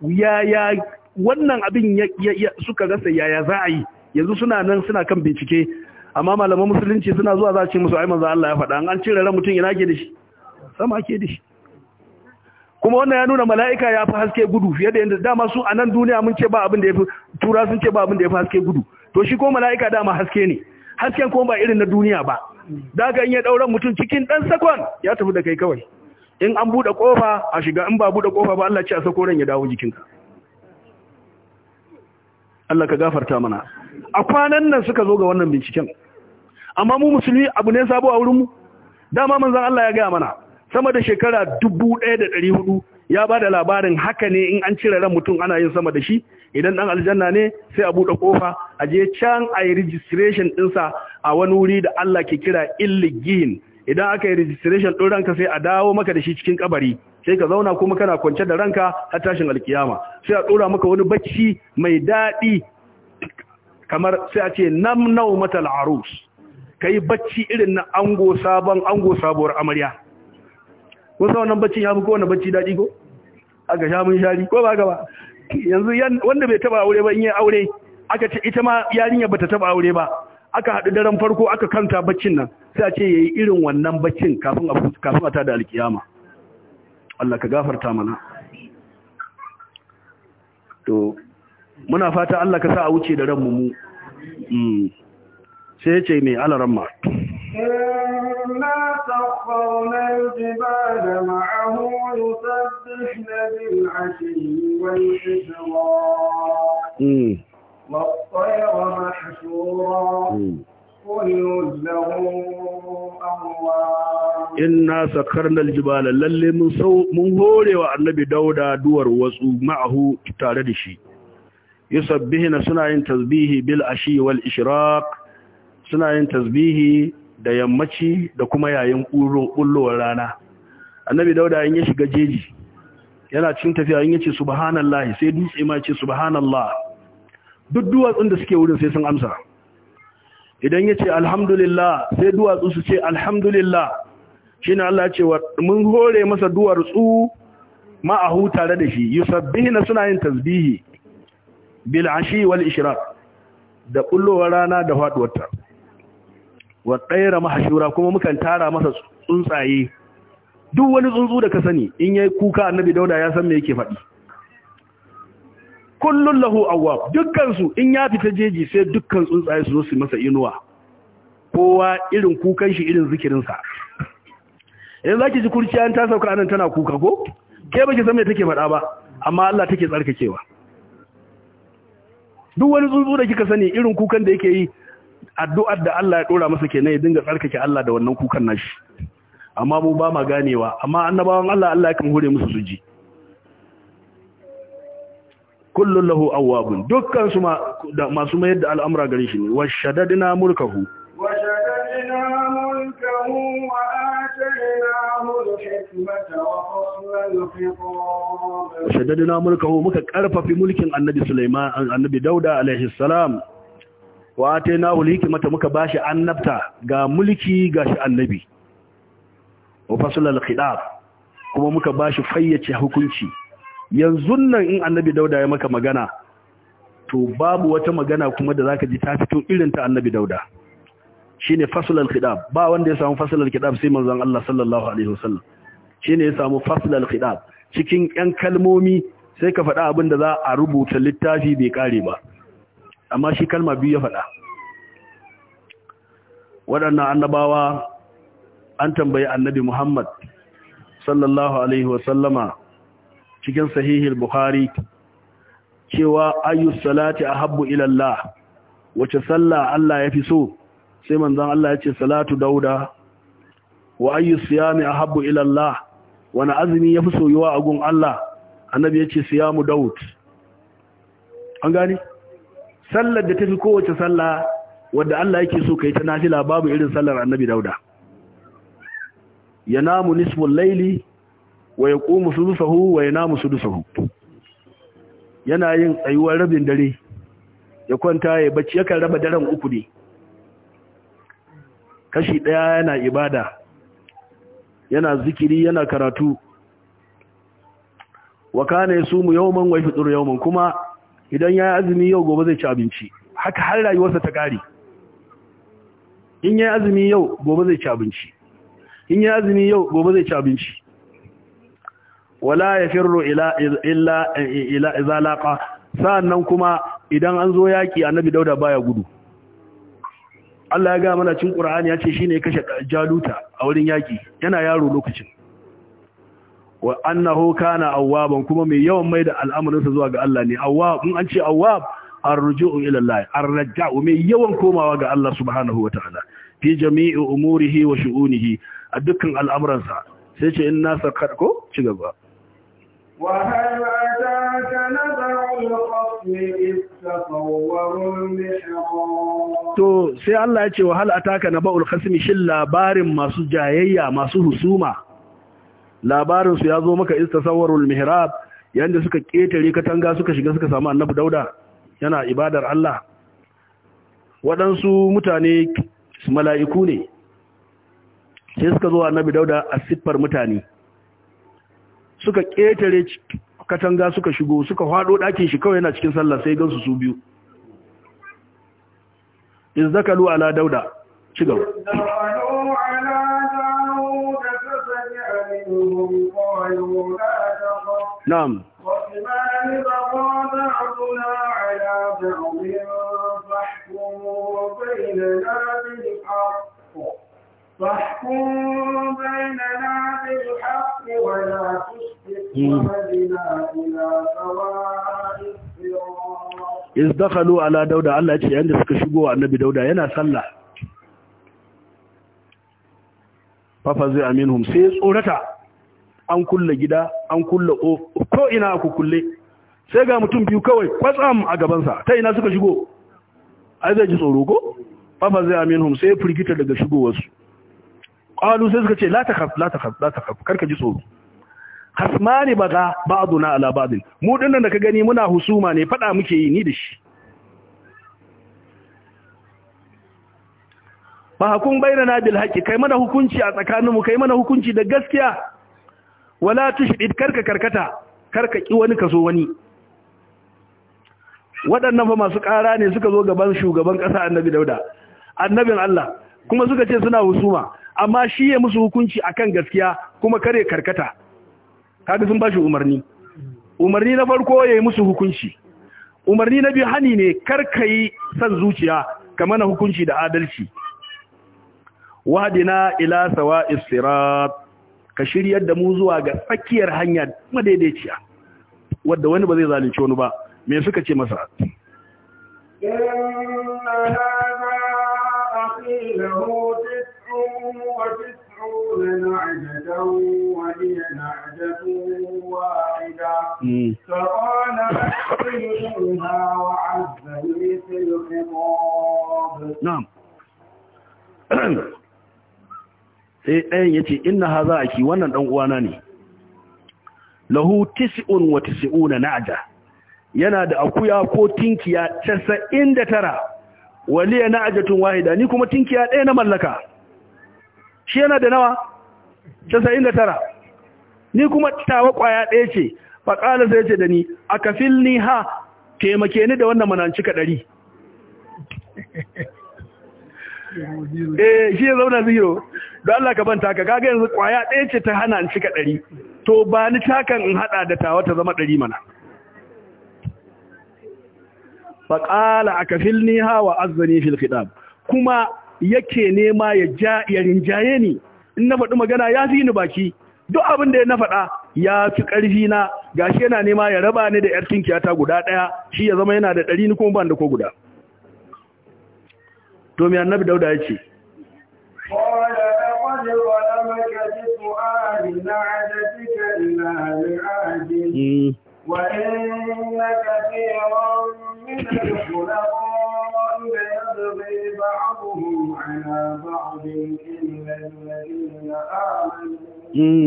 yaya wannan abin suka gasa yaya za a yi yanzu suna nan suna kan bincike amma malaman musulunci suna zuwa za a ce musu ai za Allah ya faɗa an cire ran mutum ina ke da shi sama ke da shi kuma wannan ya nuna mala'ika ya fi haske gudu fiye da yadda dama su a nan duniya mun ce ba abin da ya fi tura sun ce ba abin da ya fi haske gudu to shi ko mala'ika dama haske ne hasken kuma ba irin na duniya ba daga in ya ɗauran mutum cikin ɗan sakon ya tafi da kai kawai in an buɗe ƙofa a shiga in ba buɗe ƙofa ba Allah ce a sako ran ya dawo jikinka Allah ka gafarta mana a kwanan nan suka zo ga wannan binciken amma mu musulmi abu ne sabo a mu. dama manzon Allah ya gaya mana sama da shekara dubu da ɗari hudu ya ba da labarin haka ne in an cire ran mutum ana yin sama da shi idan dan aljanna ne sai a buɗe kofa a je can a yi registration ɗinsa a wani wuri da Allah ke kira illigin idan aka yi registration ɗin ranka sai a dawo maka da shi cikin kabari sai ka zauna kuma kana kwance da ranka har tashin alkiyama sai a ɗora maka wani bacci mai daɗi kamar sai a ce nam nau naumatal arus yi bacci irin na ango sabon ango sabuwar amarya wasu wannan bacci ya fi kowane bacci daɗi ko aka sha mun shari ko ba ka ba yanzu wanda bai taba aure ba in yi aure aka ce ita ma yarinya ta taba aure ba aka haɗu daren farko aka kanta baccin nan sai a ce yi irin wannan baccin kafin a ta da tada alkiyama Allah ka gafarta mana to muna fata Allah ka sa a wuce da ranmu mu mm. sai ce mai alaran ma Mm. والطير محشورا كل له أواب إنا lalle mun hore wa Annabi Dauda duwar والنبي ma'ahu tare da shi. تاردشي na suna yin tasbihi bil ashi wal ishraq suna yin tasbihi da yammaci da kuma yayin ƙullowar rana annabi dauda in ya shiga jeji yana cin tafiya in yace "Subhanallah" sai dutse ma yace subhanallah duk duwatsun da suke wurin sai sun amsa idan ya ce alhamdulillah sai duwatsu su ce alhamdulillah shi ne Allah ce mun hore masa duwatsu ma'ahu tare da shi yusabbihi na suna yin tasbihi bil ashi wal ishraq da kullowar rana da faduwarta wa tsaira mahashura kuma mukan tara masa tsuntsaye duk wani tsuntsu da ka sani in yayi kuka annabi dauda ya san me yake faɗi kullun lahu awwab dukkan su in ya fita jeji sai dukkan tsuntsaye su zo su masa inuwa kowa irin kukan shi irin zikirin sa idan zaki ji kurciya ta sauka anan tana kuka ko ke baki san me take fada ba amma Allah take tsarkakewa duk wani tsuntsu da kika sani irin kukan da yake yi addu'ar da Allah ya dora masa kenan ya dinga tsarkake Allah da wannan kukan nashi amma mu ba ma ganewa amma annabawan Allah Allah ya kan hore musu suji kullun lahu awwabun dukkan su masu mayar da al'amura gare shi ne wa shaddadna mulkahu wa shaddadna mulkahu wa atainahu al-hikmata wa mulkahu muka karfafi mulkin annabi Sulaiman annabi Dauda alaihi salam wa atainahu al-hikmata muka bashi annabta ga mulki ga shi annabi wa fasla al kuma muka bashi fayyace hukunci yanzu nan in annabi dauda ya maka magana to babu wata magana kuma da zaka ji ta fito irin ta annabi dauda shine faslul khidab ba wanda ya samu faslul khidab sai manzon Allah sallallahu alaihi wasallam shine ya samu faslul khidab cikin yan kalmomi sai ka faɗa abin da za a rubuta littafi bai kare ba amma shi kalma biyu ya faɗa waɗannan annabawa an tambayi annabi Muhammad sallallahu alaihi wasallama cikin sahihil bukhari cewa ayyus salati ahabbu ila Allah wace sallah Allah yafi so sai manzon Allah ya ce salatu dauda wa ayyus siyami ahabbu ila Allah wani azumi yafi soyuwa a gun Allah annabi yace siyamu daud an gani sallar da tafi kowace sallah wadda Allah yake so kai ta nafila babu irin sallar annabi dauda yanamu nisful layli wa ya musu dusahu wa ya musu dusahu yana yin tsayuwar rabin dare ya kwanta ya bacci yakan raba daren uku ne kashi ɗaya yana ibada yana zikiri yana karatu wa yau man waifi wa yau man kuma idan ya azumi yau gobe zai ci abinci haka har rayuwarsa ta ƙari in ya azumi yau gobe zai ci abinci in ya azumi yau gobe zai ci abinci wala ya firro ila izalaka sannan kuma idan an zo yaki annabi dauda baya gudu Allah ya ga mana cin qur'ani ya ce shi ne kashe jaluta a wurin yaƙi yana yaro lokacin wa annahu kana awwaban kuma mai yawan mai da al'amuransa zuwa ga Allah ne awwab in an ce awwab arruju'u ila Allah arraja'u mai yawan komawa ga Allah subhanahu wata'ala fi jami'i umurihi wa shu'unihi a dukkan al'amuransa sai ce in nasa ko ci gaba وهل أتاك نبع الخصم إذ تصوروا المحراب to sai Allah ya ce wa hal ataka baul khasmi shin labarin masu jayayya masu husuma labarin su ya zo maka istasawwarul mihrab yanda suka ketare katanga suka shiga suka samu annabi dauda yana ibadar Allah waɗansu mutane mala'iku ne sai suka zo annabi dauda a siffar mutane suka ƙetare katanga suka shigo suka haɗo ɗakin shi kawai yana cikin sallah sai gansu su biyu In zaka lu ala dauda ci gaba na'am فاحكم بيننا بالحق ولا تشرك Hmm. iz dakhalu ala dauda Allah ce yanda suka shigo wa annabi dauda yana sallah fafa zai aminhum sai tsorata an kulle gida an kulle ko ina ku kulle sai ga mutum biyu kawai kwatsam a gabansa ta ina suka shigo ai zai ji tsoro ko fafa zai aminhum sai firgita daga shigowarsu qalu sai suka ce la takhaf la takhaf la takhaf karka ji tsoro hasmani baga na ala ba'din mu dinnan da ka gani muna husuma ne fada muke yi ni da shi fa hukum bainana bil haqi kai mana hukunci a tsakanin mu kai mana hukunci da gaskiya wala tushid karka karkata karka ki wani kaso wani waɗannan fa masu ƙara ne suka zo gaban shugaban ƙasa annabi dauda annabin Allah kuma suka ce suna husuma amma shi ya musu hukunci akan gaskiya kuma kare karkata kaga sun bashi umarni umarni na farko yayi musu hukunci umarni na biyu hani ne karkai san zuciya kamar na hukunci da adalci wahdina ila sawa'is sirat ka shiryar da mu zuwa ga tsakiyar hanya madaidaiciya wadda wani ba zai zalunci wani ba me suka ce masa وتسعون عجدا وهي مودة فقال وعزني في الخطاب نعم sai ɗayan ya ce ina ha za a ki wannan ɗan'uwana ne lahu tisi'un wa tisi'una na'ada yana da akuya ko tinkiya casa'in da tara waliya tun wahida ni kuma tinkiya ɗaya na mallaka shi yana da nawa casa'in da tara ni kuma tawa kwaya ɗaya ce faƙalar sai ce da ni a kafin ni ha taimake ni da wannan mananci ka ɗari E, shi ya zauna zero don Allah ka banta ka kaga yanzu kwaya ɗaya ce ta hana in cika ɗari to ba ni takan in haɗa da tawa ta zama ɗari mana faƙala a kafin ni ha wa azzani fil khidab kuma yake nema ya rinjaye ni in na faɗi magana ya fi ni baki duk abin da ya na faɗa ya fi ƙarfi na gashi yana nema ya raba ni da yar tinkiyata guda ɗaya shi ya zama yana da ɗari ni kuma ban da ko guda to mai annabi dauda ya ce وإن كثيرا من الخلقاء إلا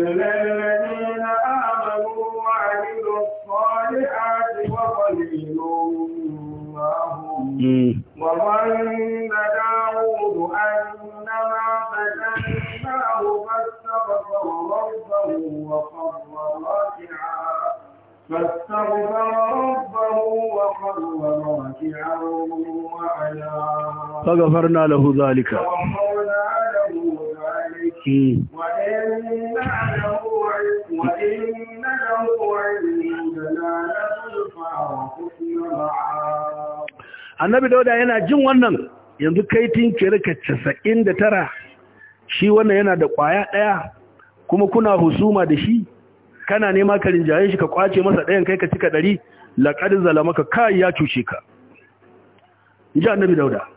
الذين آمنوا وعملوا الصالحات وقليل ما هم وظن داود أنما فتناه فاستغفر ربه وخر راكعا فاستغفر ربه وخر راكعا وعيا فغفرنا له ذلك وغفرنا annabi dauda yana jin wannan yanzu ke rika casa'in da tara shi wannan yana da kwaya ɗaya kuma kuna husuma da shi kana nema ka rinjaye shi ka kwace masa ɗayan kai ka cika ɗari laƙar zalamaka kai ya cuce ka ji annabi dauda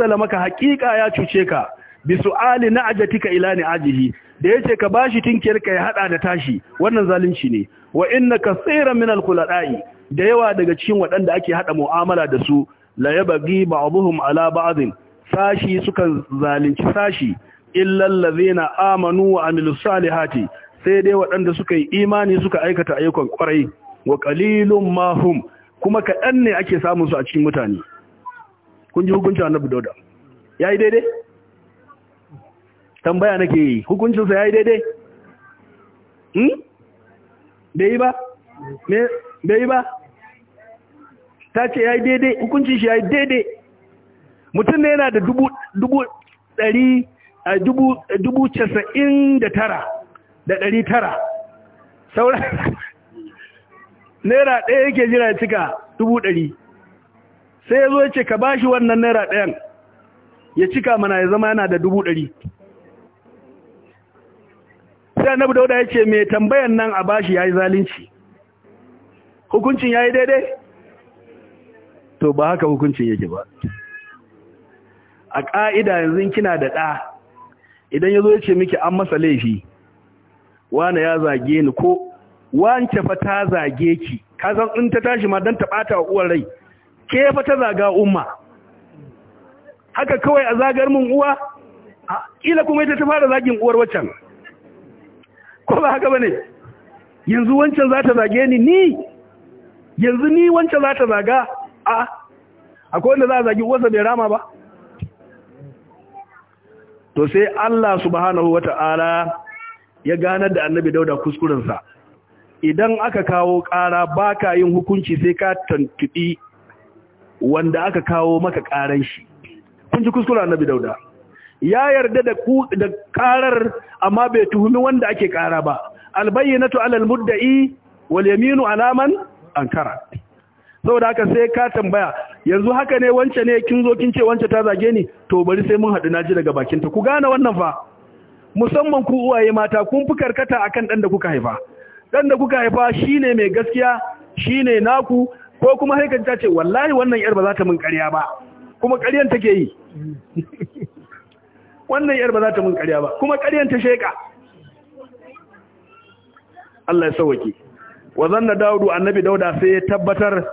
zalamaka hakika ya cuce ka Bisu Ali na ajatika ila ilani ajihi da yace ka bashi tinkiyar ka ya hada da tashi wannan zalunci ne wa inna kaseeran min al-khulada'i da yawa daga cikin waɗanda ake hada mu'amala da su la yabghi ba'dhum ala ba'dhin sashi sukan zalunci sashi illa allazina amanu wa amilus salihati sai dai waɗanda suka yi imani suka aikata ayyukan kwarai wa qalilum ma hum kuma kadan ne ake samun su a cikin mutane kun ji hukuncin annabi dauda yayi daidai tambaya nake yi hukuncinsa ya yi daidai? Hmm? bai ba ba? bai ba? ta ce ya yi daidai hukuncin shi ya yi daidai mutum ne yana da dubu dubu ɗari a dubu dubu casa'in da tara da ɗari tara sauran naira ɗaya yake jira cika dubu ɗari sai ya zo ya ce ka ba shi wannan naira ɗayan ya cika mana ya zama yana da dubu ɗari sai na dauda ya ce mai tambayan nan a bashi ya yi zalunci hukuncin ya yi daidai to ba haka hukuncin yake ba a ƙa'ida yanzu kina da ɗa idan ya zo ya ce miki an masa laifi wane ya zage ni ko wance fa ta zage ki san in ta tashi ma don ta ɓata wa uwar rai ke fa ta zaga umma haka kawai a zagar mun uwa ƙila kuma ita ta fara zagin uwar waccan ko ba haka bane yanzu wancan za ta zage ni ni yanzu ni wancan za ta zaga a akwai wanda za a zagi wasa bai rama ba to sai Allah subhanahu ta'ala ya ganar da annabi dauda kuskurensa idan aka kawo ƙara ba ka yin hukunci sai ka tantubi wanda aka kawo maka ƙaran shi kun ji kuskura annabi dauda ya yarda da da karar amma bai tuhumi wanda ake kara ba albayyinatu alal mudda'i wal yaminu alaman ankara saboda haka sai ka tambaya yanzu haka ne wance ne kin zo kin ce wance ta zage ni to bari sai mun haɗu ji daga bakinta ku gane wannan fa musamman ku uwaye mata kun fi karkata akan dan da kuka haifa dan da kuka haifa shine mai gaskiya shine naku ko kuma haikanta ce wallahi wannan yar ba za ta mun ƙarya ba kuma ƙaryan take yi wannan yar ba za ta mun karya ba kuma karyan ta sheka Allah ya sauke wa zanna daudu annabi dauda sai ya tabbatar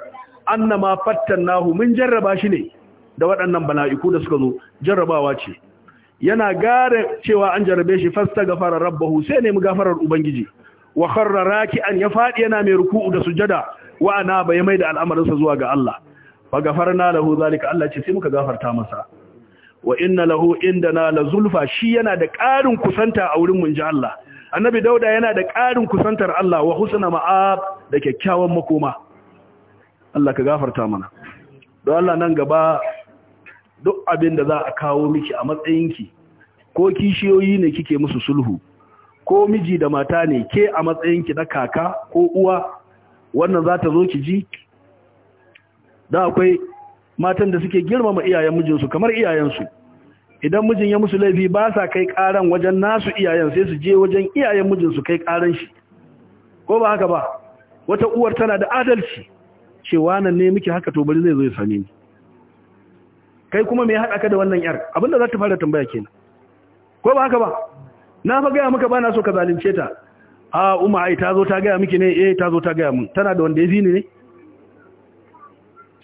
annama fattannahu mun jarraba shi ne da waɗannan bala'iku da suka zo jarrabawa ce yana gare cewa an jarrabe shi fasta gafara rabbahu sai nemi gafarar ubangiji wa kharra raki'an ya fadi yana mai ruku'u da sujada wa ana ya mai da sa zuwa ga Allah fa gafarna lahu zalika Allah ce sai muka gafarta masa wa inna lahu indana la zulfa shi yana da ƙarin kusanta a wurin munji Allah annabi dauda yana da ƙarin kusantar Allah wa husna ma'ab da kyakkyawan makoma Allah ka gafarta mana don Allah nan gaba duk abin da za a kawo miki a matsayinki ko kishiyoyi ne kike musu sulhu ko miji da mata ne ke a matsayinki na kaka ko uwa wannan za ta zo ki ji da akwai matan da suke girmama iyayen mijinsu kamar iyayensu idan mijin ya musu laifi ba sa kai karan wajen nasu iyayen sai su je wajen iyayen mijin su kai karan shi ko ba haka ba wata uwar tana da adalci cewa nan ne miki haka to bari zai zo ya same ni kai kuma me ya haɗa ka da wannan yar abinda za ta fara tambaya kenan ko ba haka ba na fa gaya maka ba na so ka zalunce ta a umma ai ta zo ta gaya miki ne eh ta zo ta gaya mun tana da wanda ya fi ni ne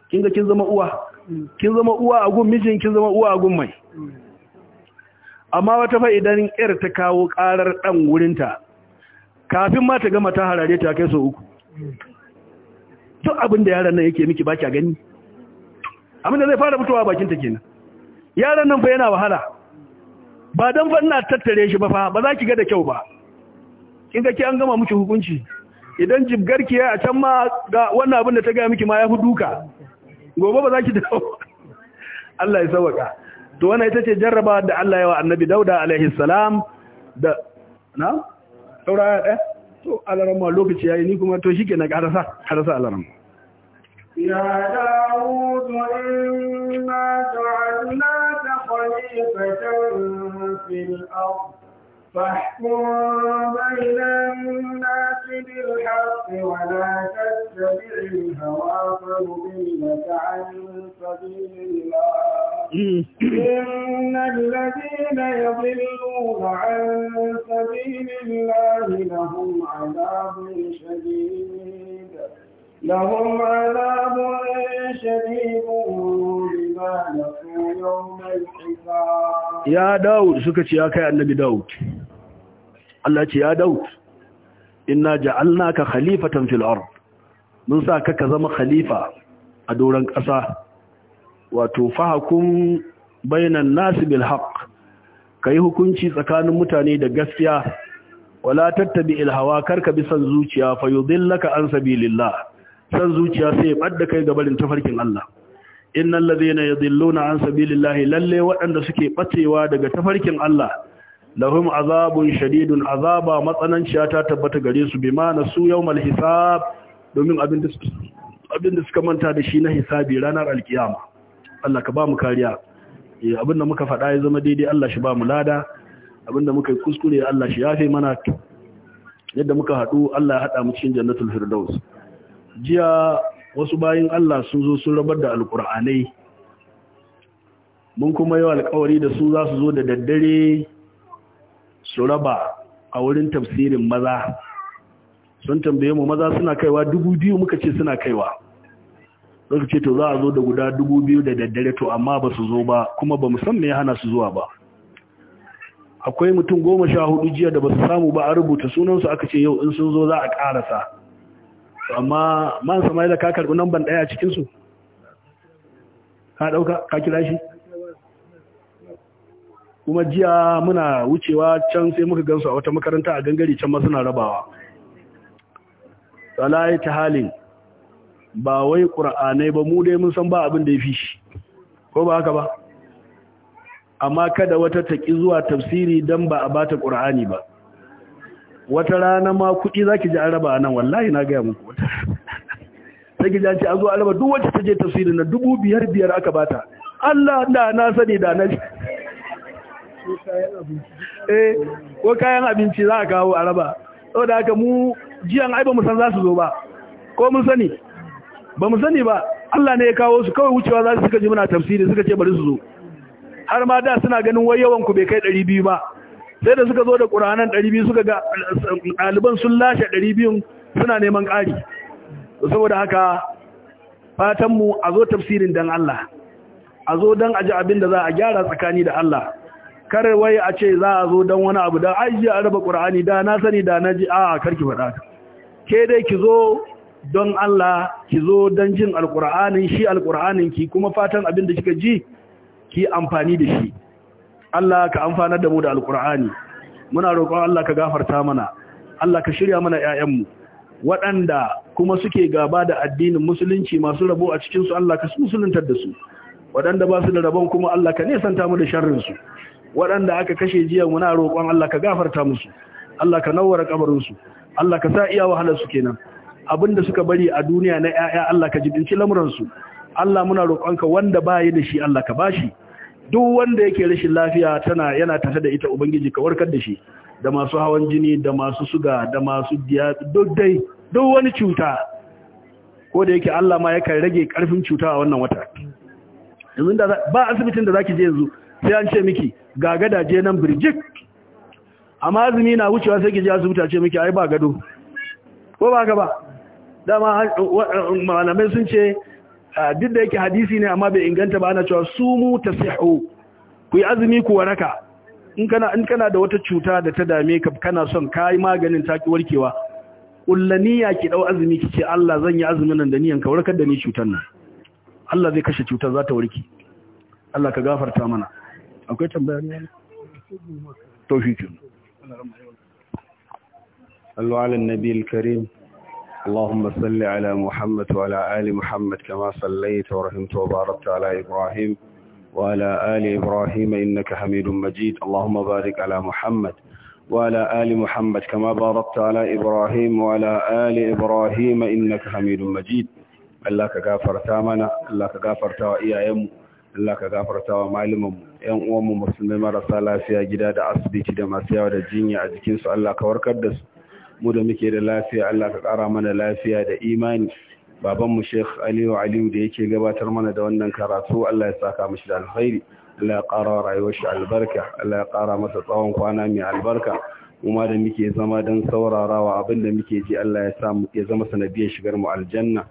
kin ga kin zama uwa mm. kin zama uwa a gun mijin kin zama uwa a gun mai mm. amma wata fa idan ƙyar ta kawo ƙarar ɗan wurinta kafin ma ta gama ta harare ta kai so uku duk abin da yaran nan yake miki baki a gani abin da zai fara mutuwa bakin ta kenan yaran nan fa yana wahala ba dan fa ina tattare shi ba fa ba za ki ga da kyau ba kin ga ki an gama miki hukunci idan jibgarki ya a can ma ga wannan abin da ta gaya miki ma ya fi duka gobe ba za ki dawo Allah ya sauka to wannan ita ce jarraba da Allah ya wa annabi dauda alaihi salam da na saura ya ɗaya to alarama lokaci yi ni kuma to shi ke na karasa karasa alarama ya da'ud inna ja'alnaka khalifatan fil ardh فاحكم بين الناس بالحق ولا تتبع الهوى فيضلك عن سبيل الله إن الذين يضلون عن سبيل الله لهم عذاب شديد لهم عذاب شديد بما نسوا يوم الحساب يا داود شكرا يا النبي داود Allah ce ya Daud inna ja'alnaka khalifatan fil ard mun sa ka ka zama khalifa a doran ƙasa wato fahakum bainan nas bil haqq kai hukunci tsakanin mutane da gaskiya wala tattabi il hawa karka bi san zuciya fa yudillaka an sabilillah san zuciya sai ya badda kai barin tafarkin Allah innal ladhina yudilluna an sabilillah lalle waɗanda suke ɓacewa daga tafarkin Allah lahum azabun shadidun azaba matsananciya ta tabbata gare su bima nasu yawmal hisab domin abin da suka manta da shi na hisabi ranar alkiyama Allah ka ba mu kariya eh, abin da muka faɗa ya zama daidai Allah shi ba mu lada abin da muka yi kuskure Allah shi yafe mana yadda muka haɗu Allah ya haɗa mu cikin jannatul firdaus jiya wasu bayin Allah sun zo sun rabar da alƙur'anai mun kuma yi alƙawari da su za su zo da daddare su raba a wurin tafsirin maza sun tambaye mu maza suna kaiwa dubu biyu muka ce suna kaiwa suka ce to za a zo da guda dubu biyu da daddare to amma ba su zo ba kuma ba musamman ya hana su zuwa ba akwai mutum goma sha hudu jiya da ba su samu ba a rubuta sunansu aka ce yau in sun zo za a karasa amma man da ka karɓi nan ban ɗaya cikinsu ka ɗauka ka kira shi kuma jiya muna wucewa can sai muka gansu a wata makaranta a gangare can ma suna rabawa salaye ta halin ba wai ƙura'anai ba mu dai mun san ba abin da ya fi shi ko ba haka ba amma kada wata taƙi zuwa tafsiri don ba a bata ƙura'ani ba wata rana ma kuɗi za ki ji an raba nan wallahi na gaya muku wata ta ki ji an ce an zo an raba duk wacce ta je tafsirin na dubu biyar biyar aka bata Allah da na sani da na eh ko kayan abinci za a kawo a raba saboda haka mu jiyan ai ba san za su zo ba ko mun sani ba mu sani ba Allah ne ya kawo su kawai wucewa za su suka ji muna tafsiri suka ce bari su zo har ma da suna ganin wai yawan ku bai kai 200 ba sai da suka zo da Qur'anan 200 suka ga ɗaliban sun lashe 200 suna neman ƙari saboda haka mu a zo tafsirin dan Allah a zo dan a ji abin da za a gyara tsakani da Allah kar wai a ce za a zo don wani abu da ajiye a raba ƙur'ani da na sani da na ji a karki faɗa ke dai ki zo don Allah ki zo don jin alƙur'anin shi alƙura'anin ki kuma fatan abin da kika ji ki amfani da shi Allah ka amfanar da mu da alƙur'ani muna roƙon Allah ka gafarta mana Allah ka shirya mana ƴaƴanmu waɗanda kuma suke gaba da addinin musulunci masu rabo a cikinsu, Allah ka musuluntar da su waɗanda ba su da rabon kuma Allah ka nesanta mu da sharrinsu. waɗanda aka kashe jiya muna roƙon Allah ka gafarta musu Allah ka nawwara kabarinsu Allah ka sa iya wahalar su kenan abinda suka bari a duniya na 'ya'ya Allah ka jibinci lamuransu Allah muna roƙonka wanda bayi da shi Allah ka bashi duk wanda yake rashin lafiya tana yana tafe da ita ubangiji ka warkar da shi da masu hawan jini da masu suga da masu diya duk dai duk wani cuta ko da yake Allah ma yakan rage karfin cuta a wannan wata ba asibitin da zaki je yanzu sai an ce miki ga je nan birjik amma azumi na wucewa sai ki ji asibita ce miki ai ba gado ko ba ka ba dama eh, malamai sun ce eh, duk da yake hadisi ne amma bai inganta ba ana cewa su mu tasihu ku yi azumi ku waraka in kana in kana da wata cuta da ta dame ka kana son kai maganin taki warkewa kullaniya ki dau azumi ce Allah zan yi azumin nan da niyan ka warkar da ni cutar nan Allah zai kashe cutar za ta warke Allah ka gafarta mana akwai tambaya ne to shi ke nabi اللهم صل على محمد وعلى آل محمد كما صليت ورحمت وباركت على إبراهيم وعلى آل إبراهيم إنك حميد مجيد اللهم بارك على محمد وعلى آل محمد كما باركت على إبراهيم وعلى آل إبراهيم إنك حميد مجيد الله كغفرت منا الله كغفرت وإياهم Allah ka gafarta wa malumanmu ƴan uwanmu musulmai marasa lafiya gida da asibiti da masu yawa da jinya a jikinsu Allah ka warkar da su mu da muke da lafiya Allah ka ƙara mana lafiya da imani babanmu Sheikh Aliyu Aliyu da yake gabatar mana da wannan karatu Allah ya saka mishi da alkhairi Allah ya ƙara rayuwar shi albarka Allah ya ƙara masa tsawon kwana mai albarka kuma da muke zama don saurarawa abin da muke ji Allah ya sa mu ya zama sanadiyar shigar mu aljanna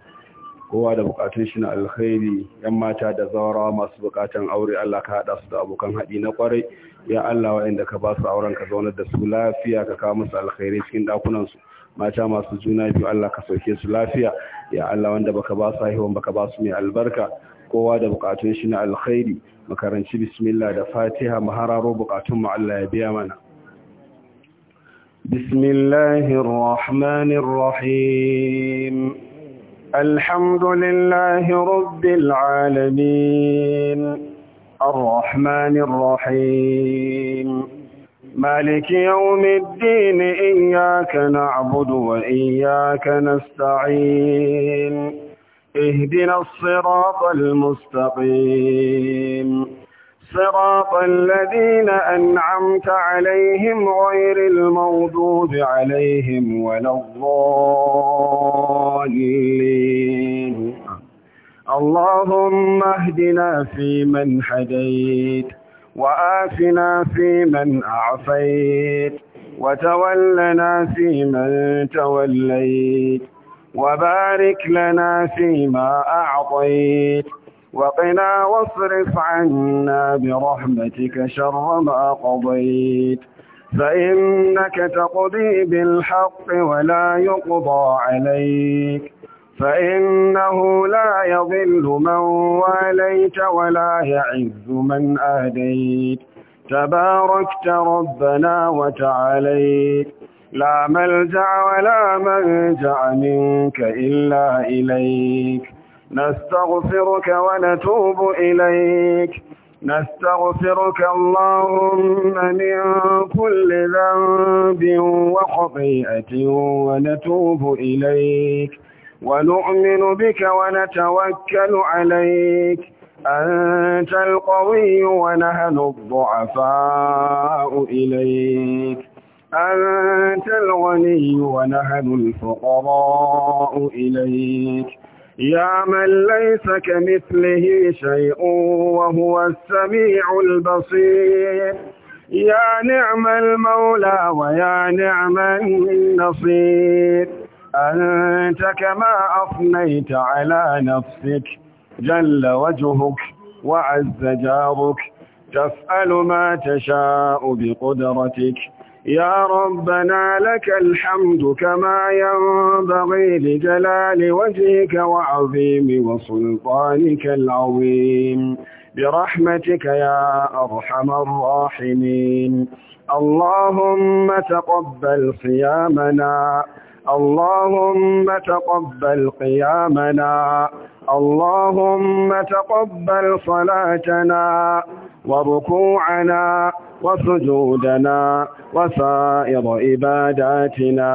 kowa da bukatun shi na alkhairi yan mata da zawara masu bukatan aure Allah ka hada su da abokan haɗi na kwarai ya Allah wa'anda ka ba su auren ka zaunar da su lafiya ka kawo musu alkhairi cikin dakunan su mata masu juna biyu Allah ka sauke su lafiya ya Allah wanda baka ba su haihuwan baka ba su mai albarka kowa da bukatun shi na alkhairi makaranci bismillah da fatiha mu hararo bukatun mu Allah ya biya mana بسم الله الرحمن الرحيم الحمد لله رب العالمين الرحمن الرحيم مالك يوم الدين إياك نعبد وإياك نستعين اهدنا الصراط المستقيم صراط الذين أنعمت عليهم غير المغضوب عليهم ولا الضالين اللهم اهدنا فيمن هديت وآتنا فيمن أعفيت وتولنا فيمن توليت وبارك لنا فيما أعطيت وقنا واصرف عنا برحمتك شر ما قضيت فإنك تقضي بالحق ولا يقضى عليك فإنه لا يضل من واليت ولا يعز من آديت تباركت ربنا وتعاليت لا ملجع ولا منجع منك إلا إليك نستغفرك ونتوب إليك نستغفرك اللهم من كل ذنب وخطيئة ونتوب إليك ونؤمن بك ونتوكل عليك أنت القوي ونهل الضعفاء إليك أنت الغني ونهل الفقراء إليك يا من ليس كمثله شيء وهو السميع البصير يا نعم المولى ويا نعم النصير أنت كما أثنيت على نفسك جل وجهك وعز جارك تفعل ما تشاء بقدرتك يا ربنا لك الحمد كما ينبغي لجلال وجهك وعظيم وسلطانك العظيم برحمتك يا أرحم الراحمين اللهم تقبل صيامنا اللهم تقبل قيامنا اللهم تقبل صلاتنا وركوعنا وسجودنا وسائر عباداتنا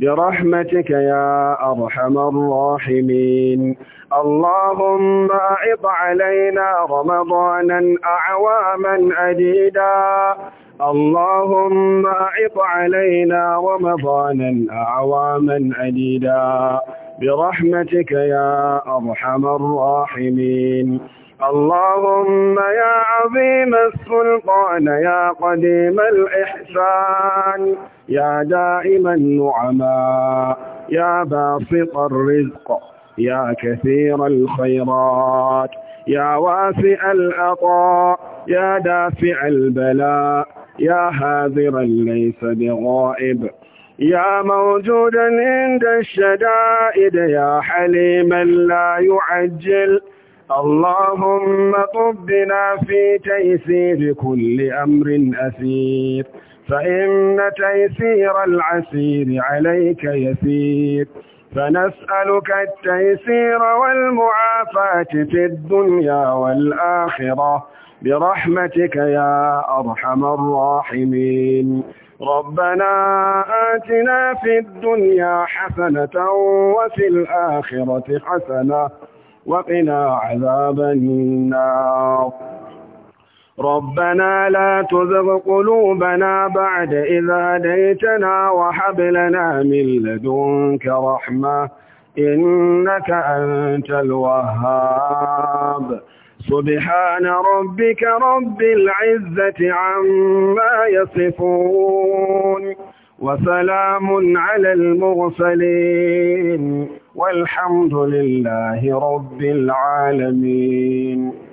برحمتك يا أرحم الراحمين اللهم أعط علينا رمضانا أعواما عديدا اللهم أعط علينا رمضانا أعواما عديدا برحمتك يا أرحم الراحمين اللهم يا عظيم السلطان يا قديم الإحسان يا دائم النعماء يا باسط الرزق يا كثير الخيرات يا واسع العطاء يا دافع البلاء يا هاذرا ليس بغائب يا موجودا عند الشدائد يا حليما لا يعجل اللهم طبنا في تيسير كل أمر أثير فإن تيسير العسير عليك يسير فنسألك التيسير والمعافاة في الدنيا والآخرة برحمتك يا أرحم الراحمين ربنا آتنا في الدنيا حسنة وفي الآخرة حسنة وقنا عذاب النار ربنا لا تزغ قلوبنا بعد إذ هديتنا وهب لنا من لدنك رحمة إنك أنت الوهاب سبحان ربك رب العزة عما يصفون وسلام على المرسلين والحمد لله رب العالمين